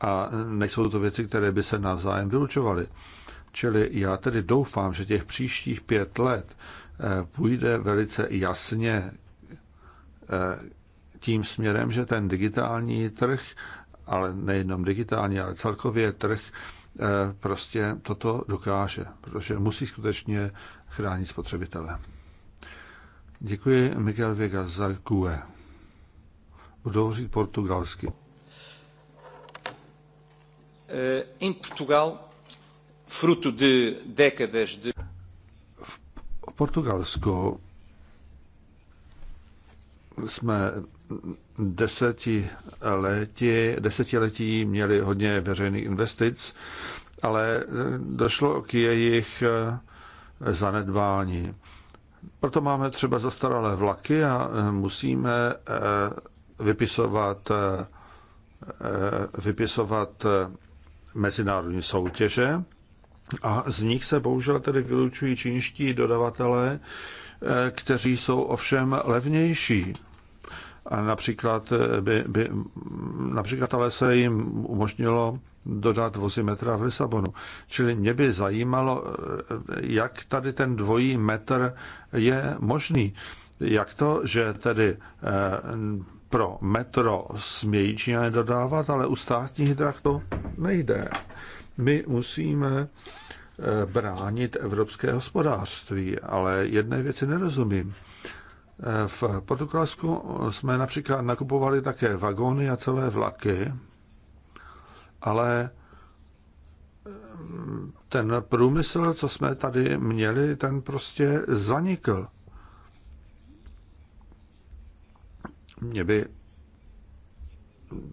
a nejsou to věci, které by se navzájem vylučovaly. Čili já tedy doufám, že těch příštích pět let eh, půjde velice jasně eh, tím směrem, že ten digitální trh, ale nejenom digitální, ale celkově trh Eh, prostě toto dokáže, protože musí skutečně chránit spotřebitele. Děkuji Miguel Vega za QE. Budu hovořit portugalsky. In eh, Portugal, fruto de décadas de... V Portugalsku jsme desetiletí, desetiletí měli hodně veřejných investic, ale eh, došlo k jejich eh, zanedbání. Proto máme třeba zastaralé vlaky a eh, musíme vypisovat, vypisovat mezinárodní soutěže a z nich se bohužel tedy vylučují čínští dodavatelé, kteří jsou ovšem levnější a například, eh, by, by, například ale se jim umožnilo dodat vozy metra v Lisabonu. Čili mě by zajímalo, eh, jak tady ten dvojí metr je možný. Jak to, že tedy eh, pro metro smějí Číňané dodávat, ale u státních drah to nejde. My musíme bránit evropské hospodářství, ale jedné věci nerozumím. V Portugalsku jsme například nakupovali také vagóny a celé vlaky, ale eh, ten průmysl, co jsme tady měli, ten prostě zanikl. Mě by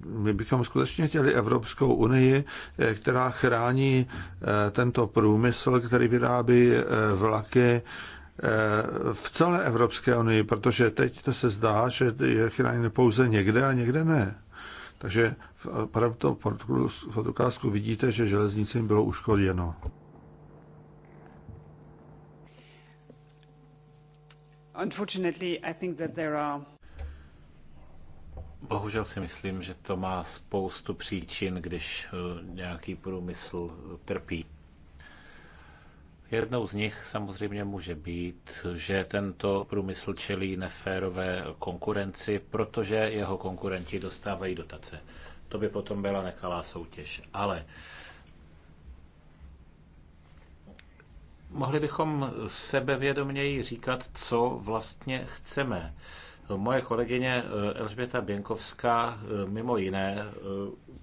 my bychom skutečně chtěli Evropskou unii, eh, která chrání eh, tento průmysl, který vyrábí vlaky, Eh, v celé Evropské unii, protože teď to se zdá, že je chráněn pouze někde a někde ne. Takže v, tom Portugalsku vidíte, že železnici bylo uškoděno. Bohužel si myslím, že to má spoustu příčin, když eh, nějaký průmysl trpí. Jednou z nich samozřejmě může být, že tento průmysl čelí neférové konkurenci, protože jeho konkurenti dostávají dotace. To by potom byla nekalá soutěž. Ale mohli bychom sebevědoměji říkat, co vlastně chceme. Moje kolegyně eh, Elžběta Běnkovská eh, mimo jiné eh,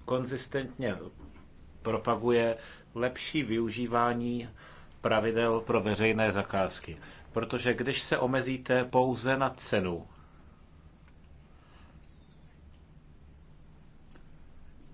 konzistentně propaguje lepší využívání pravidel pro veřejné zakázky. Protože když se omezíte pouze na cenu,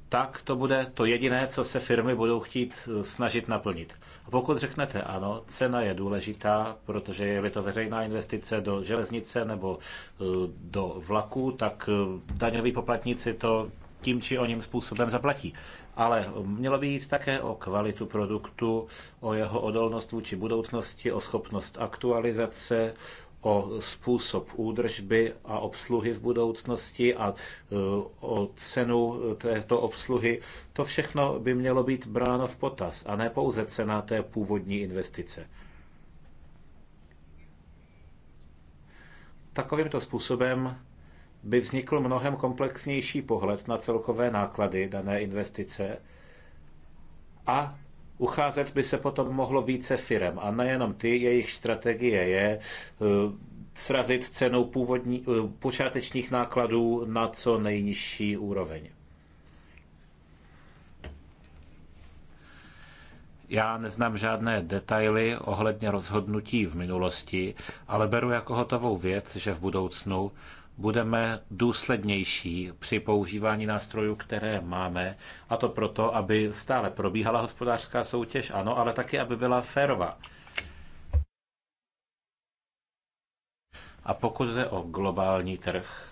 tak to bude to jediné, co se firmy budou chtít eh, snažit naplnit. A pokud řeknete ano, cena je důležitá, protože je to veřejná investice do železnice nebo eh, do vlaku, tak eh, daňoví poplatníci to tím či oním způsobem zaplatí ale mělo by jít také o kvalitu produktu, o jeho odolnost vůči budoucnosti, o schopnost aktualizace, o způsob údržby a obsluhy v budoucnosti a e, o cenu této obsluhy. To všechno by mělo být bráno v potaz a ne pouze cena té původní investice. Takovýmto způsobem by vznikl mnohem komplexnější pohled na celkové náklady dané investice a ucházet by se potom mohlo více firem a nejenom ty, jejich strategie je eh, srazit cenou původní, eh, počátečních nákladů na co nejnižší úroveň. Já neznám žádné detaily ohledně rozhodnutí v minulosti, ale beru jako hotovou věc, že v budoucnu budeme důslednější při používání nástrojů, které máme, a to proto, aby stále probíhala hospodářská soutěž, ano, ale taky, aby byla férová. A pokud jde o globální trh,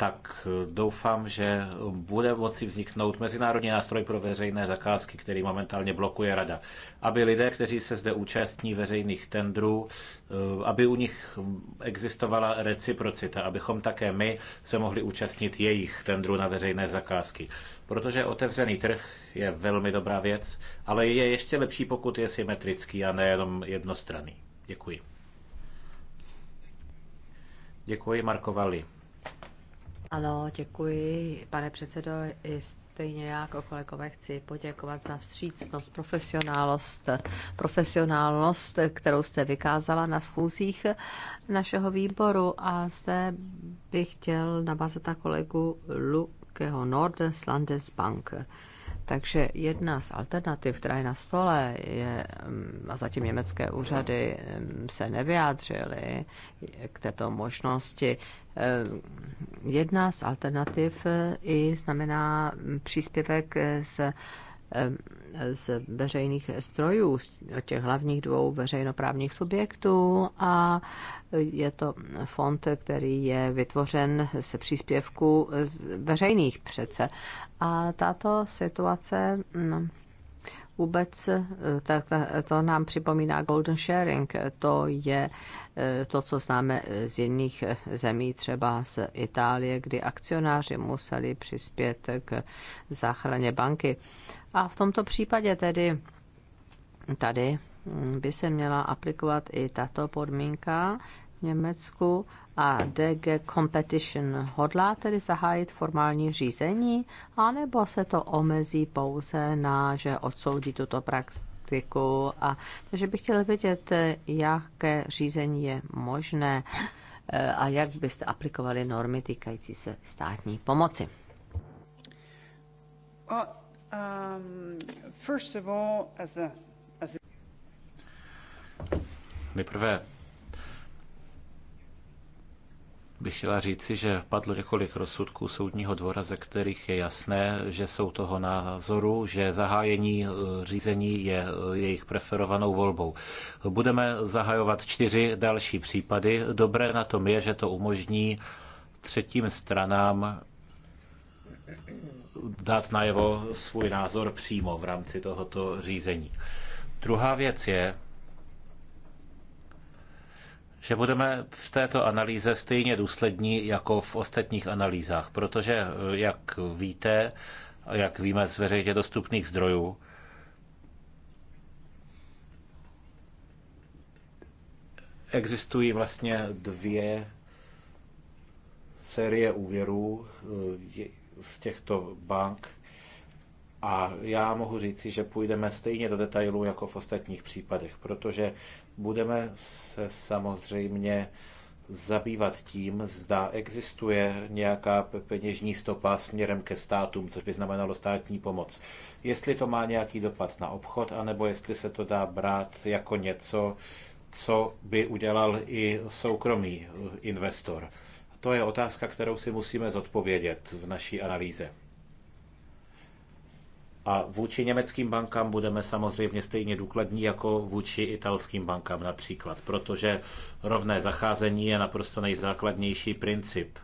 tak eh, doufám, že bude moci vzniknout mezinárodní nástroj pro veřejné zakázky, který momentálně blokuje rada. Aby lidé, kteří se zde účastní veřejných tendrů, eh, aby u nich existovala reciprocita, abychom také my se mohli účastnit jejich tendrů na veřejné zakázky. Protože otevřený trh je velmi dobrá věc, ale je ještě lepší, pokud je symetrický a nejenom jednostranný. Děkuji. Děkuji, Marko Valli. Ano, děkuji, pane předsedo. I stejně já jako kolegové chci poděkovat za vstřícnost, profesionálnost, profesionálnost, kterou jste vykázala na schůzích našeho výboru a zde bych chtěl navázat na kolegu Lukeho Nord z Landesbank. Takže jedna z alternativ, která je na stole, je, a zatím německé úřady se nevyjádřily k této možnosti, Eh, jedna z alternativ eh, i znamená příspěvek z eh, z veřejných strojů, z těch hlavních dvou veřejnoprávních subjektů a je to fond, který je vytvořen z příspěvků z veřejných přece. A tato situace no, vůbec, eh, tak eh, to nám připomíná golden sharing. To je eh, to, co známe z jiných zemí, třeba z Itálie, kdy akcionáři museli přispět k záchraně banky. A v tomto případě tedy tady mm, by se měla aplikovat i tato podmínka, Německu a DG Competition hodlá tedy zahájit formální řízení, anebo se to omezí pouze na, že odsoudí tuto praktiku. A, takže bych chtěl vědět, jaké řízení je možné eh, a jak byste aplikovali normy týkající se státní pomoci. Well, um, first of all, as a... Nejprve bych chtěla říci, že padlo několik rozsudků soudního dvora, ze kterých je jasné, že jsou toho názoru, že zahájení eh, řízení je eh, jejich preferovanou volbou. Budeme zahajovat čtyři další případy. Dobré na tom je, že to umožní třetím stranám dát najevo svůj názor přímo v rámci tohoto řízení. Druhá věc je, že budeme v této analýze stejně důslední jako v ostatních analýzách, protože, eh, jak víte, jak víme z veřejně dostupných zdrojů, existují vlastně dvě série úvěrů eh, z těchto bank a já mohu říci, že půjdeme stejně do detailů jako v ostatních případech, protože budeme se samozřejmě zabývat tím, zda existuje nějaká peněžní stopa směrem ke státům, což by znamenalo státní pomoc. Jestli to má nějaký dopad na obchod, anebo jestli se to dá brát jako něco, co by udělal i soukromý eh, investor. To je otázka, kterou si musíme zodpovědět v naší analýze. A vůči německým bankám budeme samozřejmě stejně důkladní jako vůči italským bankám například, protože rovné zacházení je naprosto nejzákladnější princip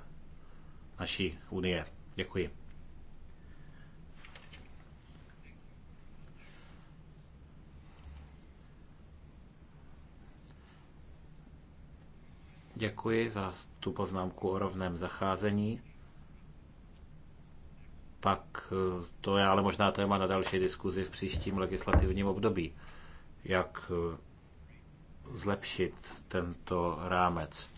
naší unie. Děkuji. Děkuji za tu poznámku o rovném zacházení. Tak eh, to je ale možná téma na další diskuzi v příštím legislativním období, jak eh, zlepšit tento rámec.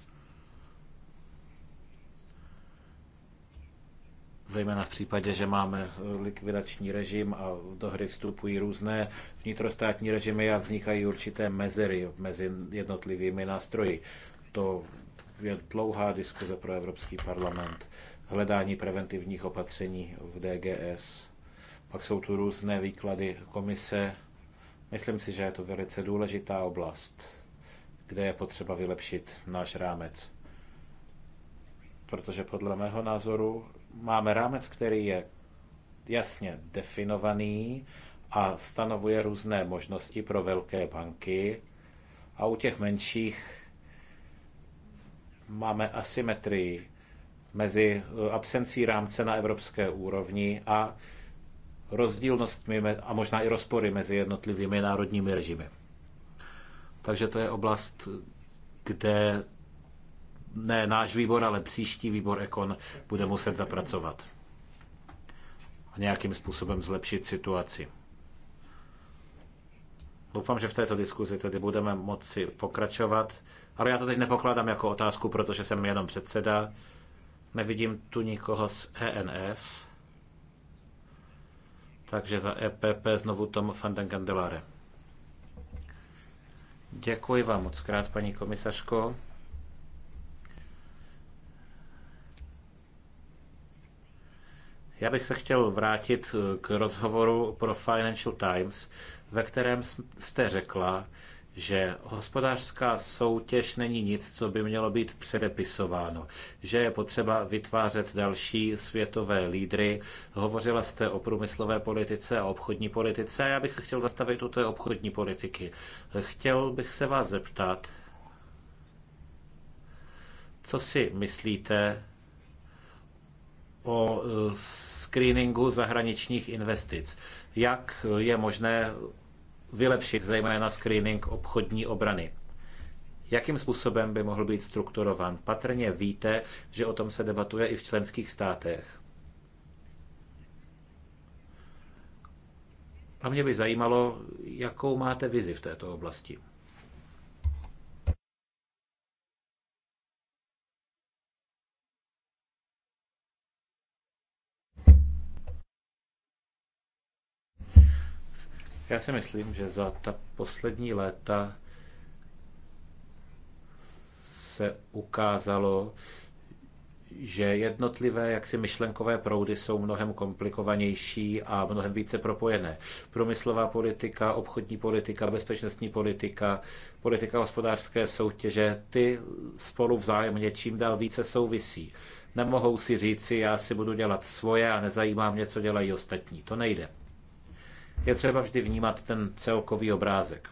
zejména v případě, že máme eh, likvidační režim a do hry vstupují různé vnitrostátní režimy a vznikají určité mezery mezi jednotlivými nástroji. To je dlouhá diskuze pro Evropský parlament hledání preventivních opatření v DGS. Pak jsou tu různé výklady komise. Myslím si, že je to velice důležitá oblast, kde je potřeba vylepšit náš rámec. Protože podle mého názoru máme rámec, který je jasně definovaný a stanovuje různé možnosti pro velké banky. A u těch menších máme asymetrii mezi eh, absencí rámce na evropské úrovni a rozdílnostmi a možná i rozpory mezi jednotlivými národními režimy. Takže to je oblast, kde ne náš výbor, ale příští výbor Ekon bude muset zapracovat a nějakým způsobem zlepšit situaci. Doufám, že v této diskuzi tedy budeme moci pokračovat, ale já to teď nepokládám jako otázku, protože jsem jenom předseda. Nevidím tu nikoho z ENF. Takže za EPP znovu Tom van den Candelare. Děkuji vám moc krát, paní komisařko. Já bych se chtěl vrátit k rozhovoru pro Financial Times, ve kterém jste řekla, že hospodářská soutěž není nic, co by mělo být předepisováno, že je potřeba vytvářet další světové lídry. Hovořila jste o průmyslové politice a obchodní politice. Já bych se chtěl zastavit u té obchodní politiky. Chtěl bych se vás zeptat, co si myslíte o eh, screeningu zahraničních investic. Jak je možné vylepšit zejména screening obchodní obrany. Jakým způsobem by mohl být strukturován? Patrně víte, že o tom se debatuje i v členských státech. A mě by zajímalo, jakou máte vizi v této oblasti. Já si myslím, že za ta poslední léta se ukázalo, že jednotlivé jaksi myšlenkové proudy jsou mnohem komplikovanější a mnohem více propojené. Průmyslová politika, obchodní politika, bezpečnostní politika, politika hospodářské soutěže, ty spolu vzájemně čím dál více souvisí. Nemohou si říci, já si budu dělat svoje a nezajímá mě, co dělají ostatní. To nejde. Je třeba vždy vnímat ten celkový obrázek.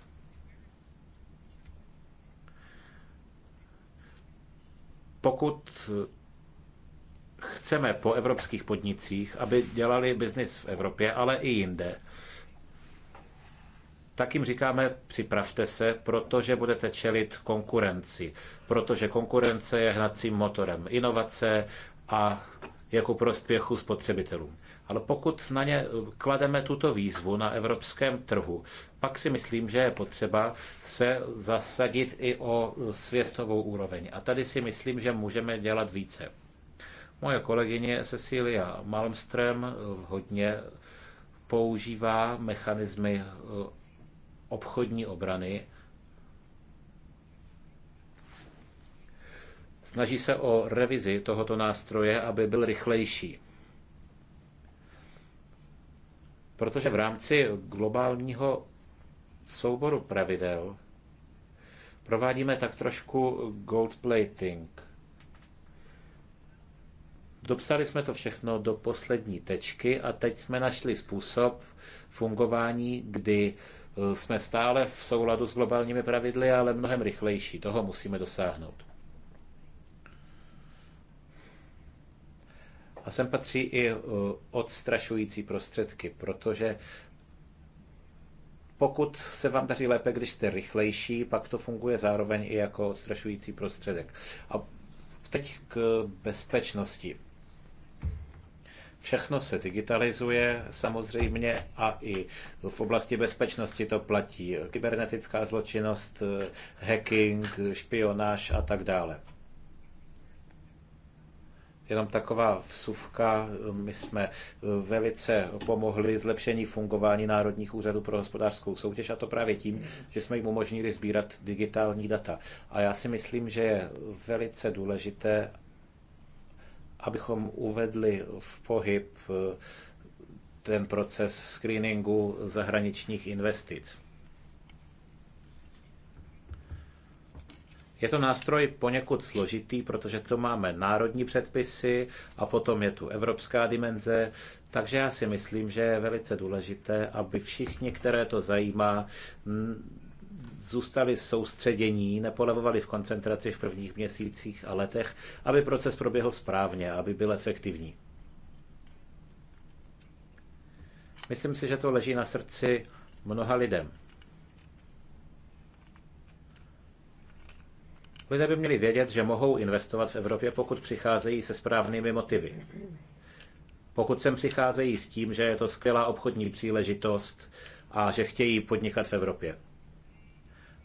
Pokud chceme po evropských podnicích, aby dělali biznis v Evropě, ale i jinde, tak jim říkáme, připravte se, protože budete čelit konkurenci. Protože konkurence je hnacím motorem inovace a jako prospěchu spotřebitelům. Ale pokud na ně eh, klademe tuto výzvu na evropském trhu, pak si myslím, že je potřeba se zasadit i o eh, světovou úroveň. A tady si myslím, že můžeme dělat více. Moje kolegyně Cecilia Malmström eh, hodně používá mechanismy obchodní obrany. Snaží se o revizi tohoto nástroje, aby byl rychlejší. Protože v rámci globálního souboru pravidel provádíme tak trošku gold plating. Dopsali jsme to všechno do poslední tečky a teď jsme našli způsob fungování, kdy eh, jsme stále v souladu s globálními pravidly, ale mnohem rychlejší. Toho musíme dosáhnout. A sem patří i eh, odstrašující prostředky, protože pokud se vám daří lépe, když jste rychlejší, pak to funguje zároveň i jako odstrašující prostředek. A teď k bezpečnosti. Všechno se digitalizuje samozřejmě a i v oblasti bezpečnosti to platí. Kybernetická zločinnost, eh, hacking, špionáž a tak dále. Jenom taková vsuvka, my jsme eh, velice pomohli zlepšení fungování Národních úřadů pro hospodářskou soutěž a to právě tím, že jsme jim umožnili sbírat digitální data. A já si myslím, že je velice důležité, abychom uvedli v pohyb eh, ten proces screeningu zahraničních investic. Je to nástroj poněkud složitý, protože tu máme národní předpisy a potom je tu evropská dimenze, takže já si myslím, že je velice důležité, aby všichni, které to zajímá, zůstali soustředění, nepolevovali v koncentraci v prvních měsících a letech, aby proces proběhl správně, aby byl efektivní. Myslím si, že to leží na srdci mnoha lidem. Lidé by měli vědět, že mohou investovat v Evropě, pokud přicházejí se správnými motivy. Pokud sem přicházejí s tím, že je to skvělá obchodní příležitost a že chtějí podnikat v Evropě.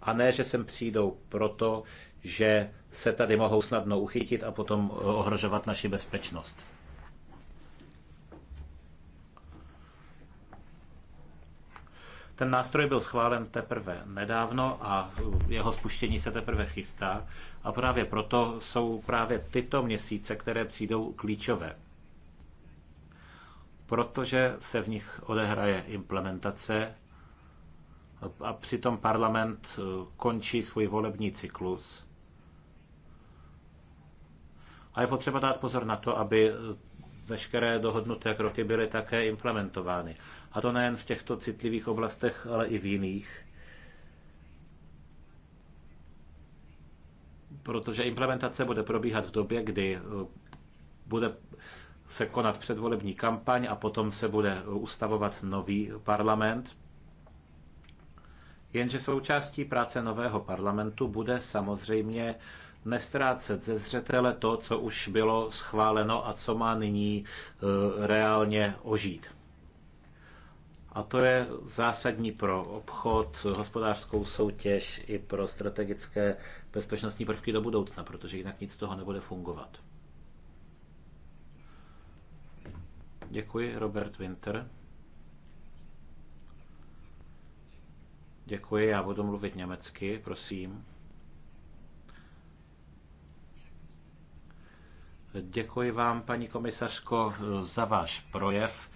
A ne, že sem přijdou proto, že se tady mohou snadno uchytit a potom ohrožovat naši bezpečnost. Ten nástroj byl schválen teprve nedávno a jeho spuštění se teprve chystá. A právě proto jsou právě tyto měsíce, které přijdou klíčové. Protože se v nich odehraje implementace a přitom parlament eh, končí svůj volební cyklus. A je potřeba dát pozor na to, aby veškeré dohodnuté kroky byly také implementovány. A to nejen v těchto citlivých oblastech, ale i v jiných. Protože implementace bude probíhat v době, kdy eh, bude se konat předvolební kampaň a potom se bude eh, ustavovat nový parlament. Jenže součástí práce nového parlamentu bude samozřejmě nestrácet ze zřetele to, co už bylo schváleno a co má nyní e, reálně ožít. A to je zásadní pro obchod, hospodářskou soutěž i pro strategické bezpečnostní prvky do budoucna, protože jinak nic z toho nebude fungovat. Děkuji, Robert Winter. Děkuji, já budu mluvit německy, prosím. Děkuji vám, paní komisařko, za váš projev.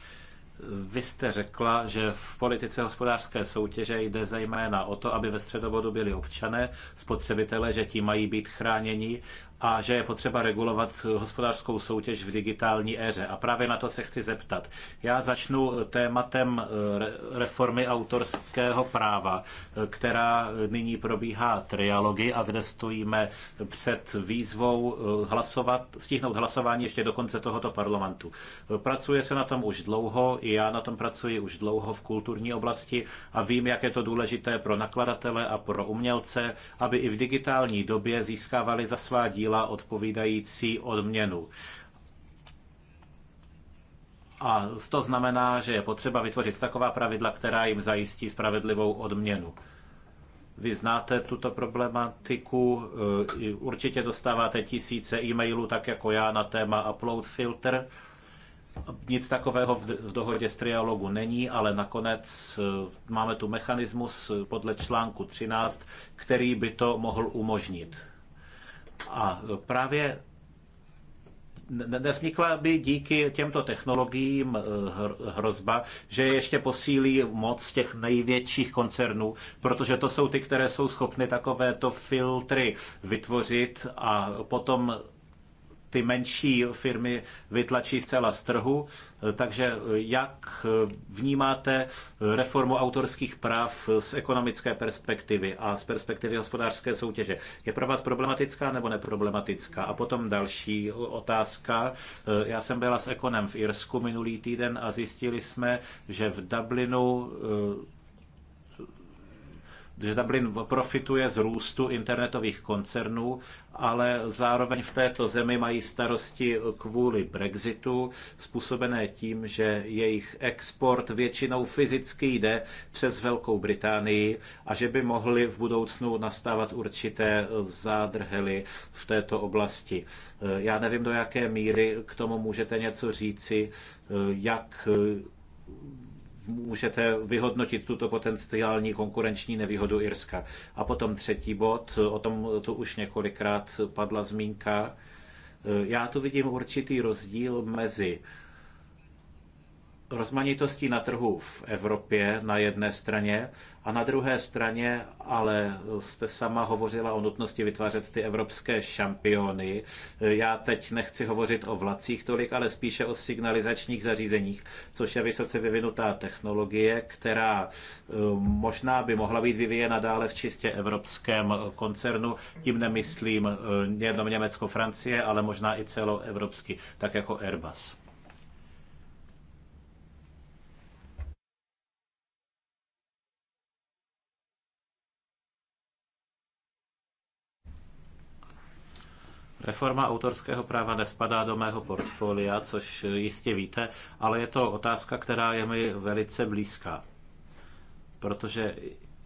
Vy jste řekla, že v politice hospodářské soutěže jde zejména o to, aby ve středobodu byli občané, spotřebitelé, že ti mají být chráněni a že je potřeba regulovat hospodářskou soutěž v digitální éře. A právě na to se chci zeptat. Já začnu tématem eh, reformy autorského práva, eh, která nyní probíhá trialogy a kde stojíme před výzvou eh, hlasovat, stihnout hlasování ještě do konce tohoto parlamentu. Pracuje se na tom už dlouho, i já na tom pracuji už dlouho v kulturní oblasti a vím, jak je to důležité pro nakladatele a pro umělce, aby i v digitální době získávali za svá díla udílá odpovídající odměnu. A to znamená, že je potřeba vytvořit taková pravidla, která jim zajistí spravedlivou odměnu. Vy znáte tuto problematiku, eh, určitě dostáváte tisíce e-mailů, tak jako já, na téma upload filter. Nic takového v dohodě z trialogu není, ale nakonec eh, máme tu mechanismus eh, podle článku 13, který by to mohl umožnit. A právě nevznikla by díky těmto technologiím eh, hrozba, že ještě posílí moc těch největších koncernů, protože to jsou ty, které jsou schopny takovéto filtry vytvořit a potom ty menší firmy vytlačí zcela z trhu. Takže jak vnímáte reformu autorských práv z ekonomické perspektivy a z perspektivy hospodářské soutěže? Je pro vás problematická nebo neproblematická? A potom další otázka. Já jsem byla s ekonem v Irsku minulý týden a zjistili jsme, že v Dublinu že Dublin profituje z růstu internetových koncernů, ale zároveň v této zemi mají starosti kvůli Brexitu, způsobené tím, že jejich export většinou fyzicky jde přes Velkou Británii a že by mohly v budoucnu nastávat určité zádrhely v této oblasti. Já nevím, do jaké míry k tomu můžete něco říci, jak můžete vyhodnotit tuto potenciální konkurenční nevýhodu Irska. A potom třetí bod, o tom tu už několikrát padla zmínka. E, já tu vidím určitý rozdíl mezi rozmanitosti na trhu v Evropě na jedné straně a na druhé straně, ale jste sama hovořila o nutnosti vytvářet ty evropské šampiony. Já teď nechci hovořit o vlacích tolik, ale spíše o signalizačních zařízeních, což je vysoce vyvinutá technologie, která eh, možná by mohla být vyvíjena dále v čistě evropském eh, koncernu. Tím nemyslím eh, jenom Německo-Francie, ale možná i celoevropsky, tak jako Airbus. Reforma autorského práva nespadá do mého portfolia, což jistě víte, ale je to otázka, která je mi velice blízká. Protože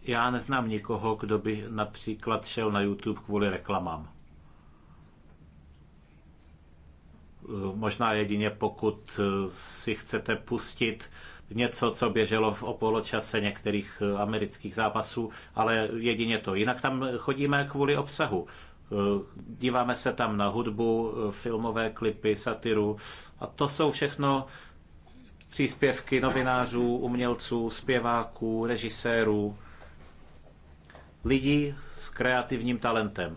já neznám nikoho, kdo by například šel na YouTube kvůli reklamám. Možná jedině pokud si chcete pustit něco, co běželo v opoločase některých amerických zápasů, ale jedině to. Jinak tam chodíme kvůli obsahu. Eh, díváme se tam na hudbu, eh, filmové klipy, satiru a to jsou všechno příspěvky novinářů, umělců, zpěváků, režisérů, lidí s kreativním talentem.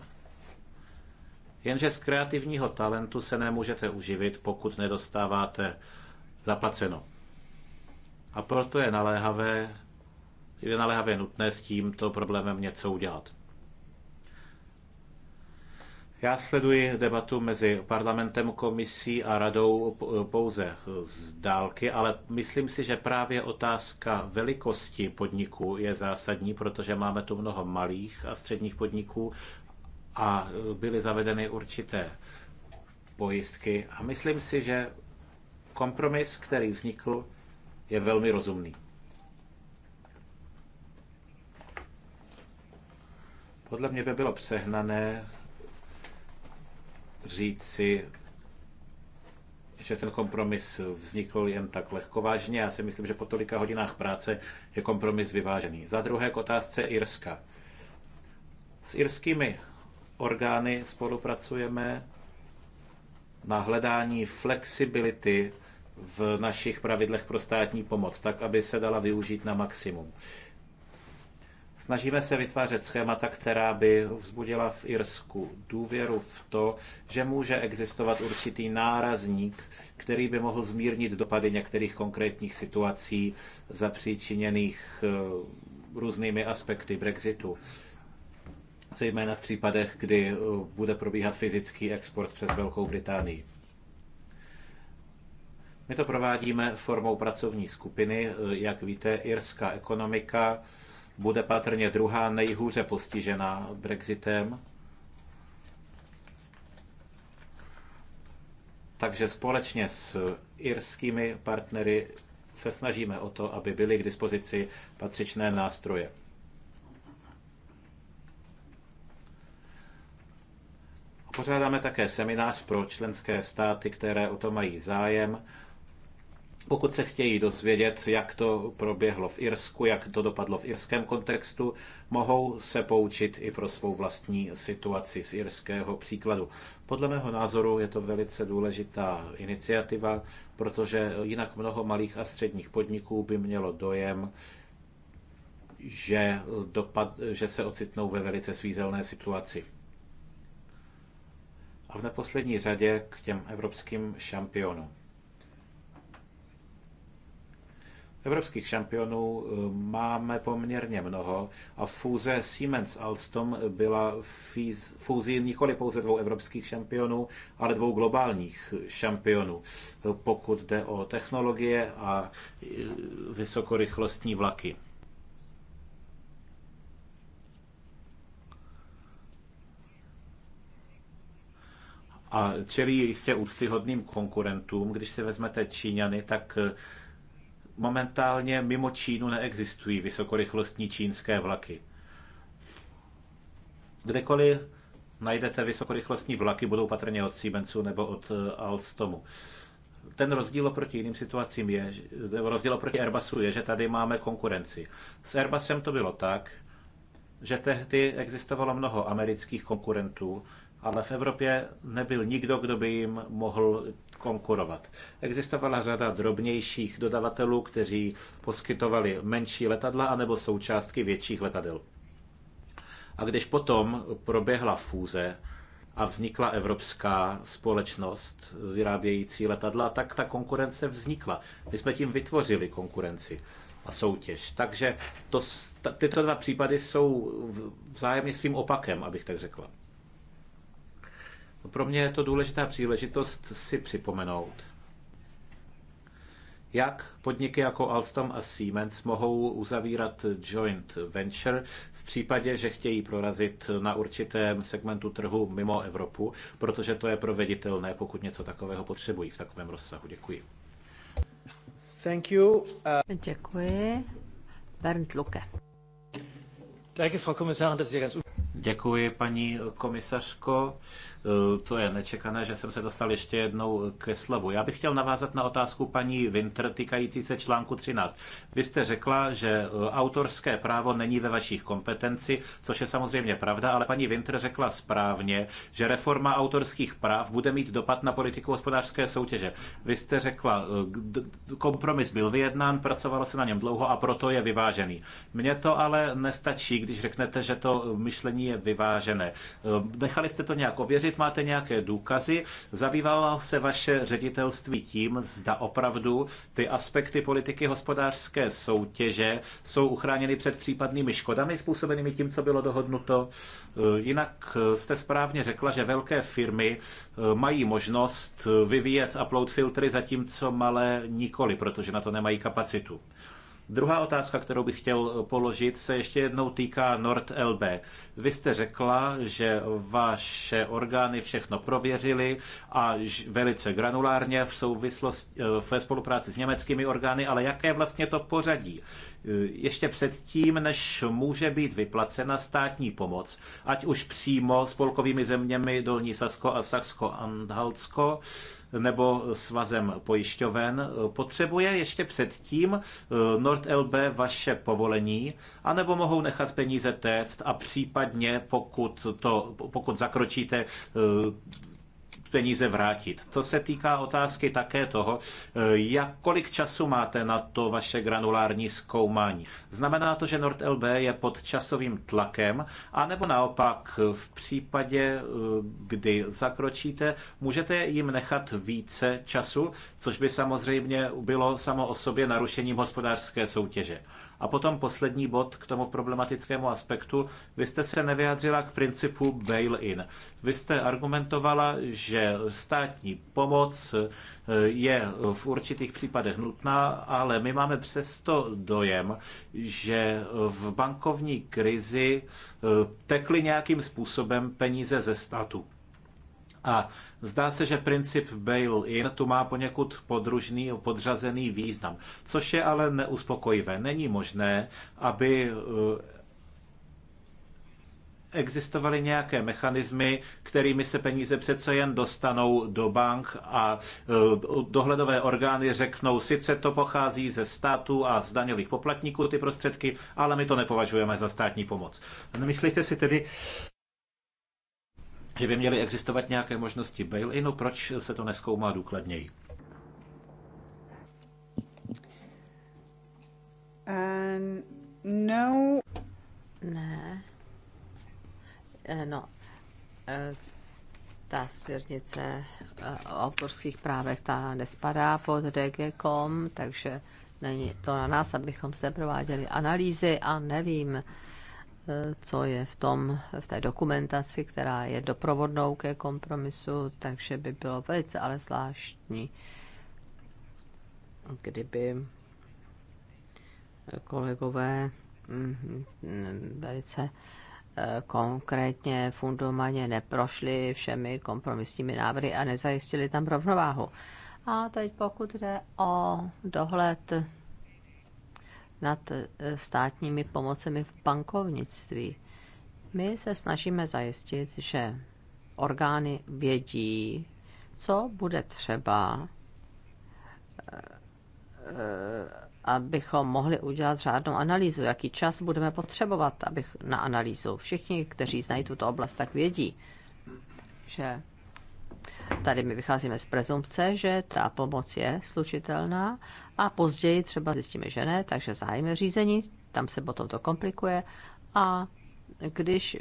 Jenže z kreativního talentu se nemůžete uživit, pokud nedostáváte zaplaceno. A proto je naléhavé, je naléhavě nutné s tímto problémem něco udělat. Já sleduji debatu mezi parlamentem, komisí a radou pouze z dálky, ale myslím si, že právě otázka velikosti podniků je zásadní, protože máme tu mnoho malých a středních podniků a byly zavedeny určité pojistky a myslím si, že kompromis, který vznikl, je velmi rozumný. Podle mě by bylo přehnané říci, že ten kompromis vznikl jen tak lehkovážně. Já si myslím, že po tolika hodinách práce je kompromis vyvážený. Za druhé k otázce Irska. S irskými orgány spolupracujeme na hledání flexibility v našich pravidlech pro státní pomoc, tak aby se dala využít na maximum. Snažíme se vytvářet schémata, která by vzbudila v Irsku důvěru v to, že může existovat určitý nárazník, který by mohl zmírnit dopady některých konkrétních situací zapříčiněných eh, různými aspekty Brexitu. Zejména v případech, kdy eh, bude probíhat fyzický export přes Velkou Británii. My to provádíme formou pracovní skupiny. Eh, jak víte, irská ekonomika bude patrně druhá nejhůře postižená Brexitem. Takže společně s irskými partnery se snažíme o to, aby byly k dispozici patřičné nástroje. Pořádáme také seminář pro členské státy, které o to mají zájem pokud se chtějí dozvědět, jak to proběhlo v Irsku, jak to dopadlo v irském kontextu, mohou se poučit i pro svou vlastní situaci z irského příkladu. Podle mého názoru je to velice důležitá iniciativa, protože jinak mnoho malých a středních podniků by mělo dojem, že, dopad, že se ocitnou ve velice svízelné situaci. A v neposlední řadě k těm evropským šampionům. Evropských šampionů eh, máme poměrně mnoho a fúze Siemens Alstom byla fúzí nikoli pouze dvou evropských šampionů, ale dvou globálních šampionů, pokud jde o technologie a eh, vysokorychlostní vlaky. A čelí jistě úctyhodným konkurentům. Když si vezmete Číňany, tak eh, momentálně mimo Čínu neexistují vysokorychlostní čínské vlaky. Kdekoliv najdete vysokorychlostní vlaky, budou patrně od Siemensu nebo od eh, Alstomu. Ten rozdíl oproti jiným situacím je, eh, rozdíl oproti Airbusu je, že tady máme konkurenci. S Airbusem to bylo tak, že tehdy existovalo mnoho amerických konkurentů, ale v Evropě nebyl nikdo, kdo by jim mohl konkurovat. Existovala řada drobnějších dodavatelů, kteří poskytovali menší letadla anebo součástky větších letadel. A když potom proběhla fúze a vznikla evropská společnost vyrábějící letadla, tak ta konkurence vznikla. My jsme tím vytvořili konkurenci a soutěž. Takže to, tyto dva případy jsou vzájemně svým opakem, abych tak řekla. No, pro mě je to důležitá příležitost si připomenout, jak podniky jako Alstom a Siemens mohou uzavírat joint venture v případě, že chtějí prorazit na určitém segmentu trhu mimo Evropu, protože to je proveditelné, pokud něco takového potřebují v takovém rozsahu. Děkuji. Thank you. Uh... Děkuji. Bernd Luke. Děkuji, paní komisařko. Eh, to je nečekané, že jsem se dostal ještě jednou ke slovu. Já bych chtěl navázat na otázku paní Winter týkající se článku 13. Vy jste řekla, že eh, autorské právo není ve vašich kompetenci, což je samozřejmě pravda, ale paní Winter řekla správně, že reforma autorských práv bude mít dopad na politiku hospodářské soutěže. Vy jste řekla, eh, kompromis byl vyjednán, pracovalo se na něm dlouho a proto je vyvážený. Mně to ale nestačí, když řeknete, že to myšlení je vyvážené. Nechali jste to nějak ověřit, pokud máte nějaké důkazy, zabývalo se vaše ředitelství tím, zda opravdu ty aspekty politiky hospodářské soutěže jsou uchráněny před případnými škodami způsobenými tím, co bylo dohodnuto. Eh, jinak eh, jste správně řekla, že velké firmy eh, mají možnost vyvíjet upload filtry, zatímco malé nikoli, protože na to nemají kapacitu. Druhá otázka, kterou bych chtěl eh, položit, se ještě jednou týká NordLB. Vy jste řekla, že vaše orgány všechno prověřily a velice granulárně v souvislosti, eh, ve spolupráci s německými orgány, ale jaké vlastně to pořadí? Eh, ještě předtím, než může být vyplacena státní pomoc, ať už přímo spolkovými zeměmi Dolní Sasko a Sasko-Anhaltsko, nebo svazem pojišťoven, potřebuje ještě předtím eh, NordLB vaše povolení, anebo mohou nechat peníze téct a případně, pokud, to, pokud zakročíte eh, peníze vrátit. To se týká otázky také toho, eh, jak kolik času máte na to vaše granulární zkoumání. Znamená to, že NordLB je pod časovým tlakem, anebo naopak eh, v případě, eh, kdy zakročíte, můžete jim nechat více času, což by samozřejmě bylo samo o sobě narušením hospodářské soutěže. A potom poslední bod k tomu problematickému aspektu. Vy jste se nevyjádřila k principu bail-in. Vy jste argumentovala, že státní pomoc eh, je v určitých případech nutná, ale my máme přesto dojem, že v bankovní krizi eh, tekly nějakým způsobem peníze ze státu. A zdá se, že princip bail-in tu má poněkud podružný, podřazený význam, což je ale neuspokojivé. Není možné, aby eh, existovaly nějaké mechanismy, kterými se peníze přece jen dostanou do bank a eh, dohledové orgány řeknou, sice to pochází ze státu a z daňových poplatníků ty prostředky, ale my to nepovažujeme za státní pomoc. Myslíte si tedy, že by měly existovat nějaké možnosti bail-inu, proč se to neskoumá důkladněji? Um, no. Ne. Eh, no, eh, ta směrnice eh, o autorských právech, ta nespadá pod DGCOM, takže není to na nás, abychom se prováděli analýzy a nevím, co je v, tom, v té dokumentaci, která je doprovodnou ke kompromisu, takže by bylo velice ale zvláštní, kdyby kolegové mm, velice eh, konkrétně fundovaně neprošli všemi kompromisními návrhy a nezajistili tam rovnováhu. A teď pokud jde o dohled nad eh, státními pomocemi v bankovnictví. My se snažíme zajistit, že orgány vědí, co bude třeba, eh, eh, abychom mohli udělat řádnou analýzu, jaký čas budeme potřebovat abych, na analýzu. Všichni, kteří znají tuto oblast, tak vědí, že tady my vycházíme z prezumpce, že ta pomoc je slučitelná a později třeba zjistíme, že ne, takže zájme řízení, tam se potom to komplikuje a když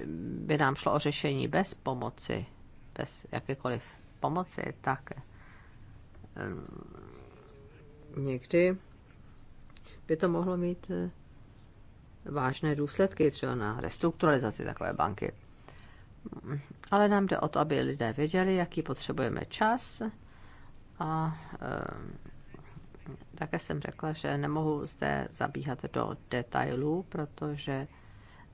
by nám šlo o řešení bez pomoci, bez jakékoliv pomoci, tak někdy by to mohlo mít eh, vážné důsledky třeba na restrukturalizaci takové banky. Ale nám jde o to, aby lidé věděli, jaký potřebujeme čas a také jsem řekla, že nemohu zde zabíhat do detailů, protože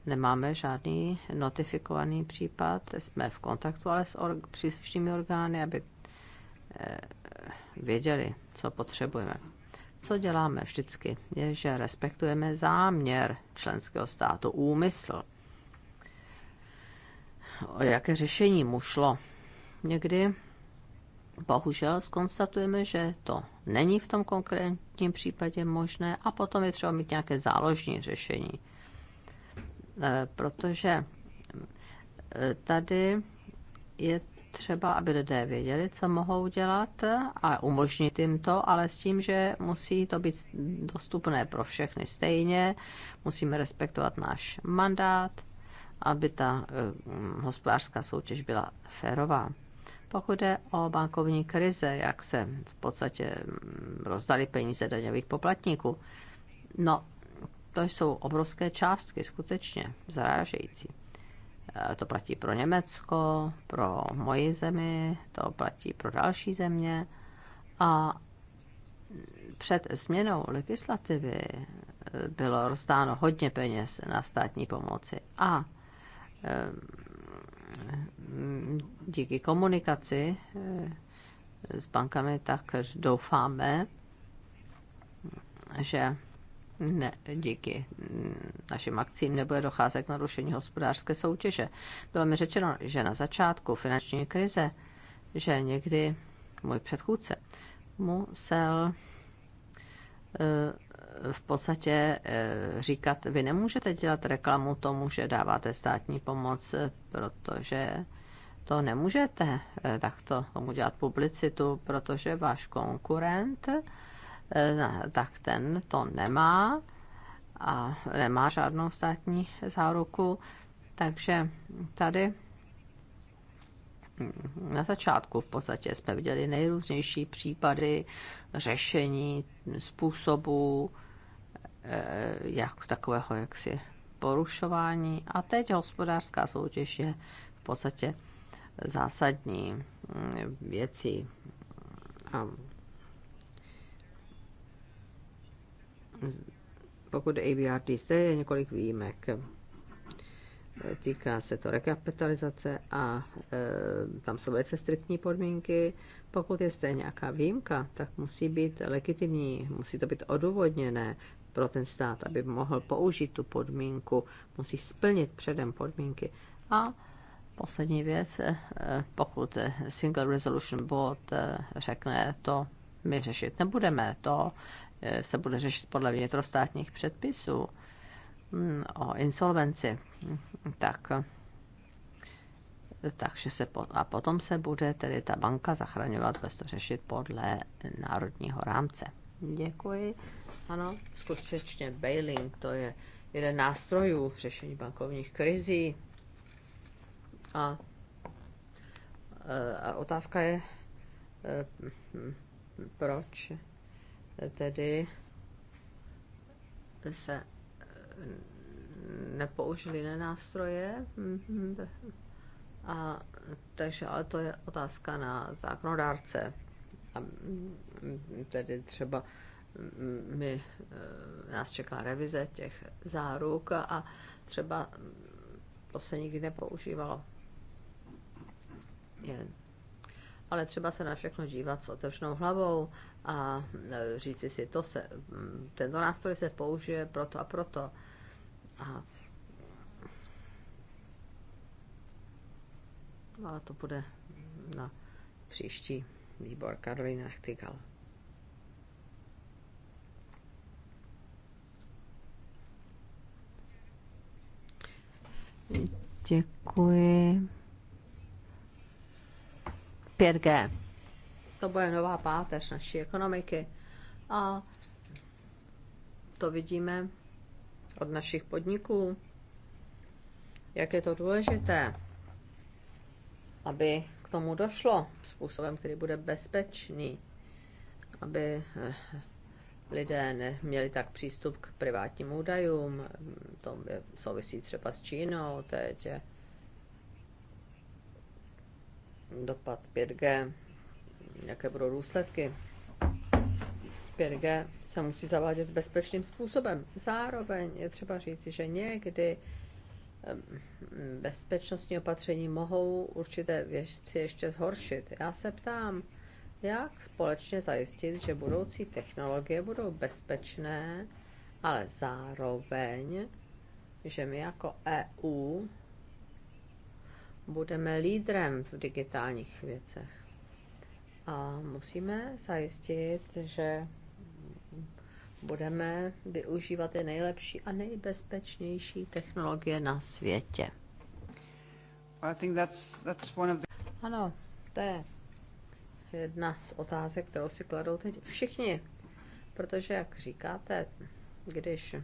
nemáme žádný notifikovaný případ. Jsme v kontaktu ale s org- příslušnými orgány, aby eh, věděli, co potřebujeme. Co děláme vždycky, je, že respektujeme záměr členského státu, úmysl. O jaké řešení mu šlo. Někdy bohužel skonstatujeme, že to není v tom konkrétním případě možné a potom je třeba mít nějaké záložní řešení. Eh, protože eh, tady je třeba, aby lidé věděli, co mohou dělat a umožnit jim to, ale s tím, že musí to být dostupné pro všechny stejně, musíme respektovat náš mandát, aby ta eh, hospodářská soutěž byla férová. Pokud jde o bankovní krize, jak se v podstatě rozdali peníze daňových poplatníků, no, to jsou obrovské částky, skutečně zarážející. E, to platí pro Německo, pro moji zemi, to platí pro další země. A před změnou legislativy e, bylo rozdáno hodně peněz na státní pomoci a e, Mm, díky komunikaci eh, s bankami, tak doufáme, že ne, díky mm, našim akcím nebude docházet k narušení hospodářské soutěže. Bylo mi řečeno, že na začátku finanční krize, že někdy můj předchůdce musel eh, v podstatě eh, říkat, vy nemůžete dělat reklamu tomu, že dáváte státní pomoc, protože to nemůžete eh, takto tomu dělat publicitu, protože váš konkurent, eh, tak ten to nemá a nemá žádnou státní záruku. Takže tady hm, na začátku v podstatě jsme viděli nejrůznější případy řešení způsobů eh, jak takového jaksi porušování. A teď hospodářská soutěž je v podstatě zásadní mm, věci. A pokud ABRD, zde je několik výjimek. Týká se to rekapitalizace a e, tam jsou velice striktní podmínky. Pokud je zde nějaká výjimka, tak musí být legitimní, musí to být odůvodněné pro ten stát, aby mohl použít tu podmínku, musí splnit předem podmínky. A Poslední věc, eh, pokud Single Resolution Board eh, řekne, to my řešit nebudeme, to eh, se bude řešit podle vnitrostátních předpisů hm, o insolvenci, hm, tak takže se po, a potom se bude tedy ta banka zachraňovat, bez to řešit podle národního rámce. Děkuji. Ano, skutečně bailing, to je jeden nástrojů řešení bankovních krizí. A, eh, a otázka je, eh, proč tedy se eh, nepoužili jiné nástroje. A, takže ale to je otázka na zákonodárce. A, tedy třeba mm, my, nás čeká revize těch záruk a třeba to se nikdy nepoužívalo je. Ale třeba se na všechno dívat s otevřenou hlavou a e, říci si, to se, mm, tento nástroj se použije proto a proto. A, a to bude na příští výbor Karolina Nachtigal. Děkuji. 5G. To bude nová páteř naší ekonomiky. A to vidíme od našich podniků, jak je to důležité, aby k tomu došlo způsobem, který bude bezpečný, aby eh, lidé neměli tak přístup k privátním údajům. To souvisí třeba s Čínou teď dopad 5G, jaké budou důsledky. 5G se musí zavádět bezpečným způsobem. Zároveň je třeba říci, že někdy bezpečnostní opatření mohou určité věci ještě zhoršit. Já se ptám, jak společně zajistit, že budoucí technologie budou bezpečné, ale zároveň, že my jako EU budeme lídrem v digitálních věcech. A musíme zajistit, že budeme využívat ty nejlepší a nejbezpečnější technologie na světě. I think that's, that's one of the... Ano, to je jedna z otázek, kterou si kladou teď všichni. Protože, jak říkáte, když um,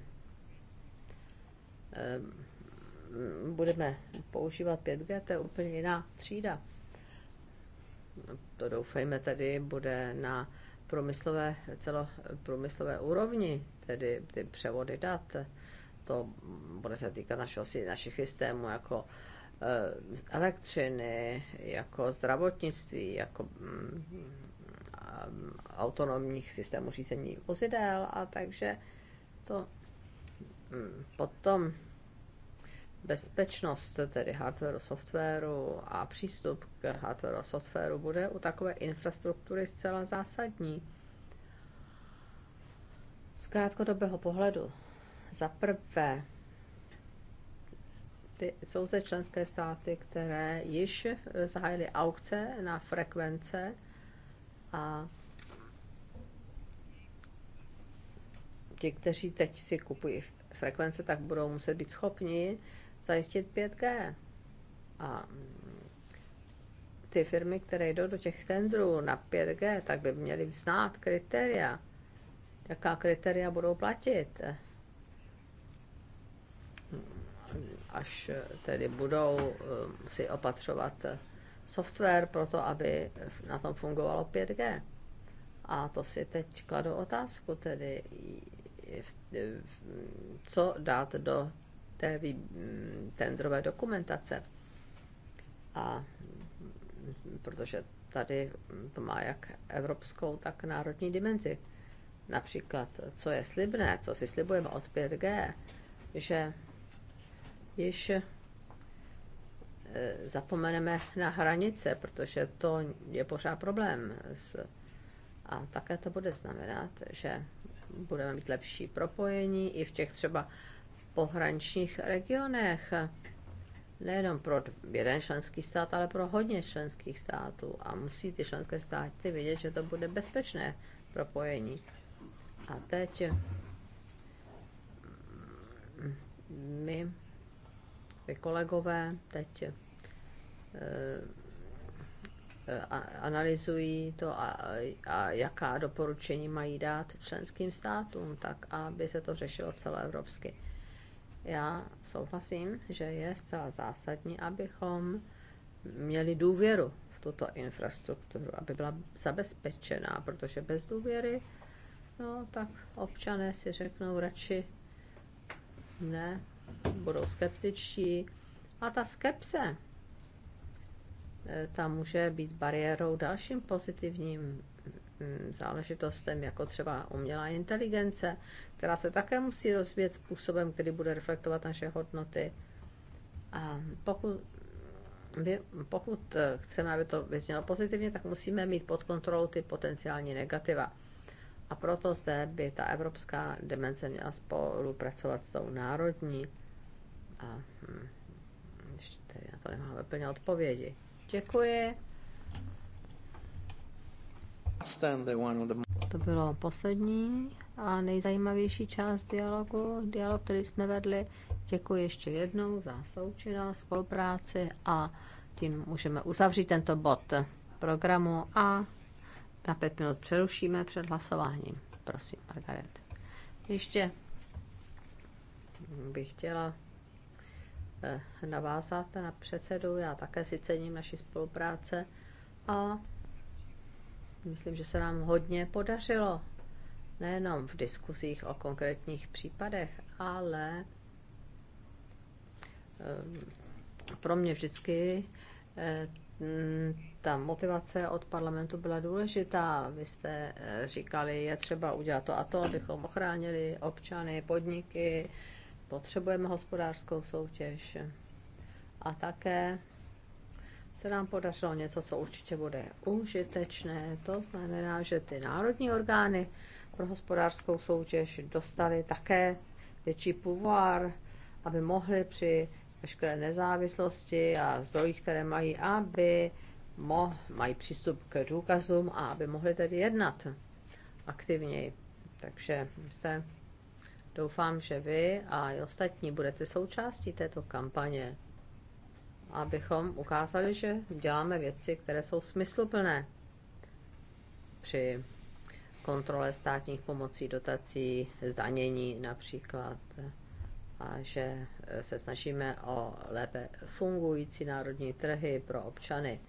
Mm, budeme používat 5G, to je úplně jiná třída. To doufejme tady bude na průmyslové, celoprůmyslové úrovni, tedy ty převody dat. To bude se týkat našeho, našich systémů jako eh, elektřiny, jako zdravotnictví, jako mm, autonomních systémů řízení vozidel a takže to mm, potom bezpečnost, tedy hardwareu, softwaru a přístup k hardwareu a softwaru bude u takové infrastruktury zcela zásadní. Z krátkodobého pohledu, za prvé, ty, jsou zde členské státy, které již eh, zahájily aukce na frekvence a ti, kteří teď si kupují frekvence, tak budou muset být schopni zajistit 5G. A mm, ty firmy, které jdou do těch tendrů na 5G, tak by měly znát kritéria, jaká kritéria budou platit. Mm, až tedy budou um, si opatřovat software pro to, aby na tom fungovalo 5G. A to si teď kladu otázku, tedy co dát do té mm, tendrové dokumentace. A mm, protože tady to má jak evropskou, tak národní dimenzi. Například, co je slibné, co si slibujeme od 5G, že již e, zapomeneme na hranice, protože to je pořád problém. a také to bude znamenat, že budeme mít lepší propojení i v těch třeba pohraničních regionech. Nejenom pro jeden členský stát, ale pro hodně členských států. A musí ty členské státy vědět, že to bude bezpečné propojení. A teď mm, my, vy kolegové, teď eh, eh, analyzují to a, a jaká doporučení mají dát členským státům, tak aby se to řešilo celoevropsky. Já souhlasím, že je zcela zásadní, abychom měli důvěru v tuto infrastrukturu, aby byla zabezpečená, protože bez důvěry, no tak občané si řeknou radši ne, budou skeptičtí. A ta skepse, e, ta může být bariérou dalším pozitivním Mm, záležitostem, jako třeba umělá inteligence, která se také musí rozvíjet způsobem, který bude reflektovat naše hodnoty. A pokud, pokud chceme, aby to vyznělo pozitivně, tak musíme mít pod kontrolou ty potenciální negativa. A proto zde by ta evropská demence měla spolupracovat s tou národní. A hm, ještě na to nemáme plně odpovědi. Děkuji. To bylo poslední a nejzajímavější část dialogu, dialog, který jsme vedli. Děkuji ještě jednou za součinnost, spolupráci a tím můžeme uzavřít tento bod programu a na pět minut přerušíme před hlasováním. Prosím, Margaret. Ještě bych chtěla eh, navázat na předsedu. Já také si cením naší spolupráce a Myslím, že se nám hodně podařilo, nejenom v diskuzích o konkrétních případech, ale eh, pro mě vždycky eh, ta motivace od parlamentu byla důležitá. Vy jste eh, říkali, je třeba udělat to a to, abychom ochránili občany, podniky, potřebujeme hospodářskou soutěž. A také se nám podařilo něco, co určitě bude užitečné. To znamená, že ty národní orgány pro hospodářskou soutěž dostaly také větší půvár, aby mohly při veškeré nezávislosti a zdrojích, které mají, aby mo, mají přístup k důkazům a aby mohli tedy jednat aktivněji. Takže se doufám, že vy a i ostatní budete součástí této kampaně abychom ukázali, že děláme věci, které jsou smysluplné při kontrole státních pomocí, dotací, zdanění například a že e, se snažíme o lépe fungující národní trhy pro občany.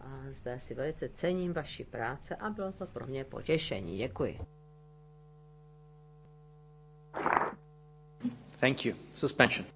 A zde si velice cením vaší práce a bylo to pro mě potěšení. Děkuji. Thank you. Suspension.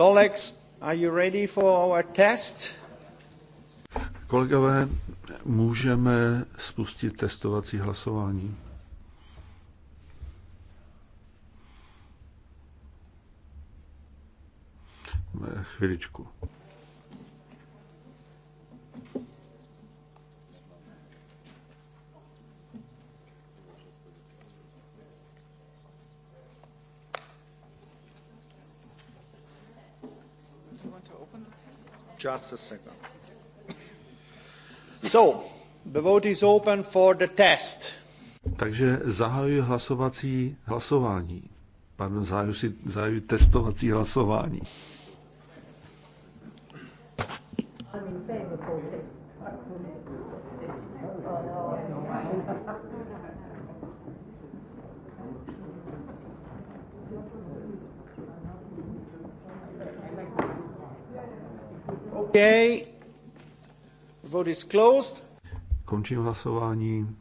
Colleagues, are you ready for our test? Kolegové, můžeme spustit testovací hlasování. Eh, chviličku. Just a second. So, the vote is open for the test. Takže zahajuji hlasovací hlasování. Pardon, zahajuji, zahajuji testovací hlasování. is closed. Končím hlasování.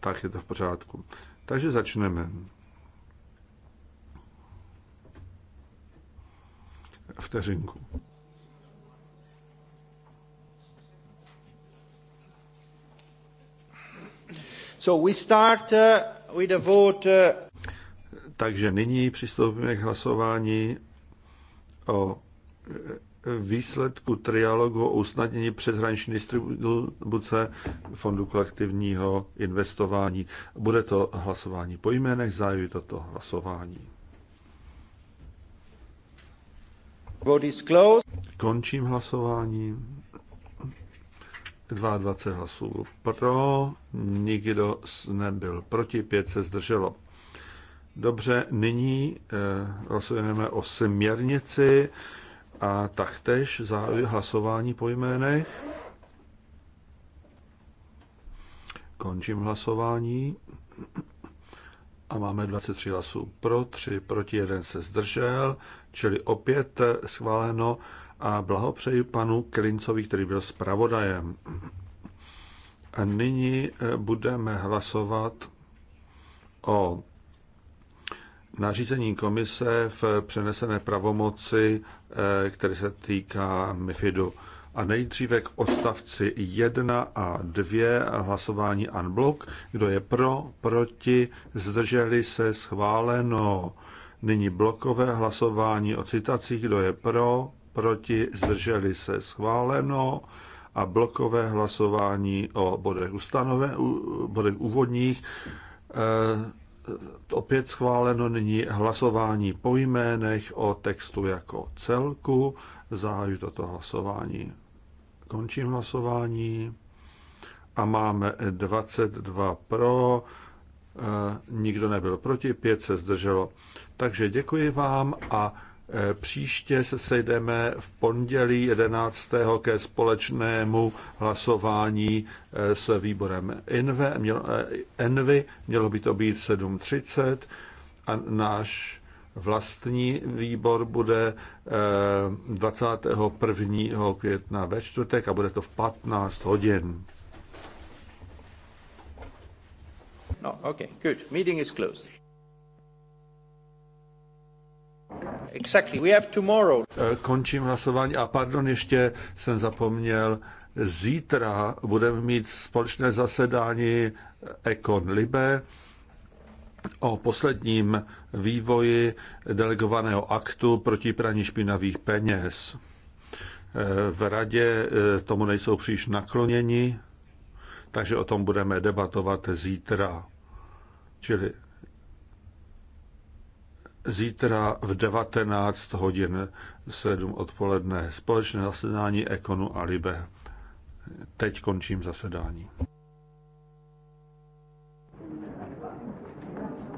Tak je to v pořádku. Takže začneme. Vteřinku. So we start uh, with a vote. Uh... Takže nyní přistoupíme k hlasování o výsledku trialogu o usnadnění přeshraniční distribuce Fondu kolektivního investování. Bude to hlasování po jménech, zájuji toto hlasování. Končím hlasování. 22 hlasů pro, nikdo nebyl proti, pět se zdrželo. Dobře, nyní eh, o směrnici a taktéž zahajuji hlasování po jménech. Končím hlasování. A máme 23 hlasů pro, 3 proti, 1 se zdržel, čili opět schváleno a blahopřeji panu Klincovi, který byl zpravodajem. A nyní budeme hlasovat o nařízení komise v přenesené pravomoci, eh, které se týká MIFIDu. A nejdříve k odstavci 1 a 2 hlasování unblock. Kdo je pro, proti, zdrželi se, schváleno. Nyní blokové hlasování o citacích. Kdo je pro, proti, zdrželi se, schváleno. A blokové hlasování o bodech, ustanove, bodech úvodních eh, opět schváleno nyní hlasování po jménech o textu jako celku. Zahaju toto hlasování. Končím hlasování. A máme 22 pro, eh, nikdo nebyl proti, 5 se zdrželo. Takže děkuji vám a Příště se sejdeme v pondělí 11. ke společnému hlasování eh, s výborem eh, Envy. Mělo by to být 7.30 a náš vlastní výbor bude 21. Eh, května ve čtvrtek a bude to v 15 hodin. No, okay, good. Meeting is closed. Eh, končím hlasování a pardon, ještě jsem zapomněl. Zítra budeme mít společné zasedání eh, Econ Libe o posledním vývoji delegovaného aktu proti praní špinavých peněz. Eh, v radě tomu nejsou příliš nakloněni, takže o tom budeme debatovat zítra. Čili zítra v 19 hodin 7 odpoledne společné zasedání Ekonu a Libe. Teď končím zasedání.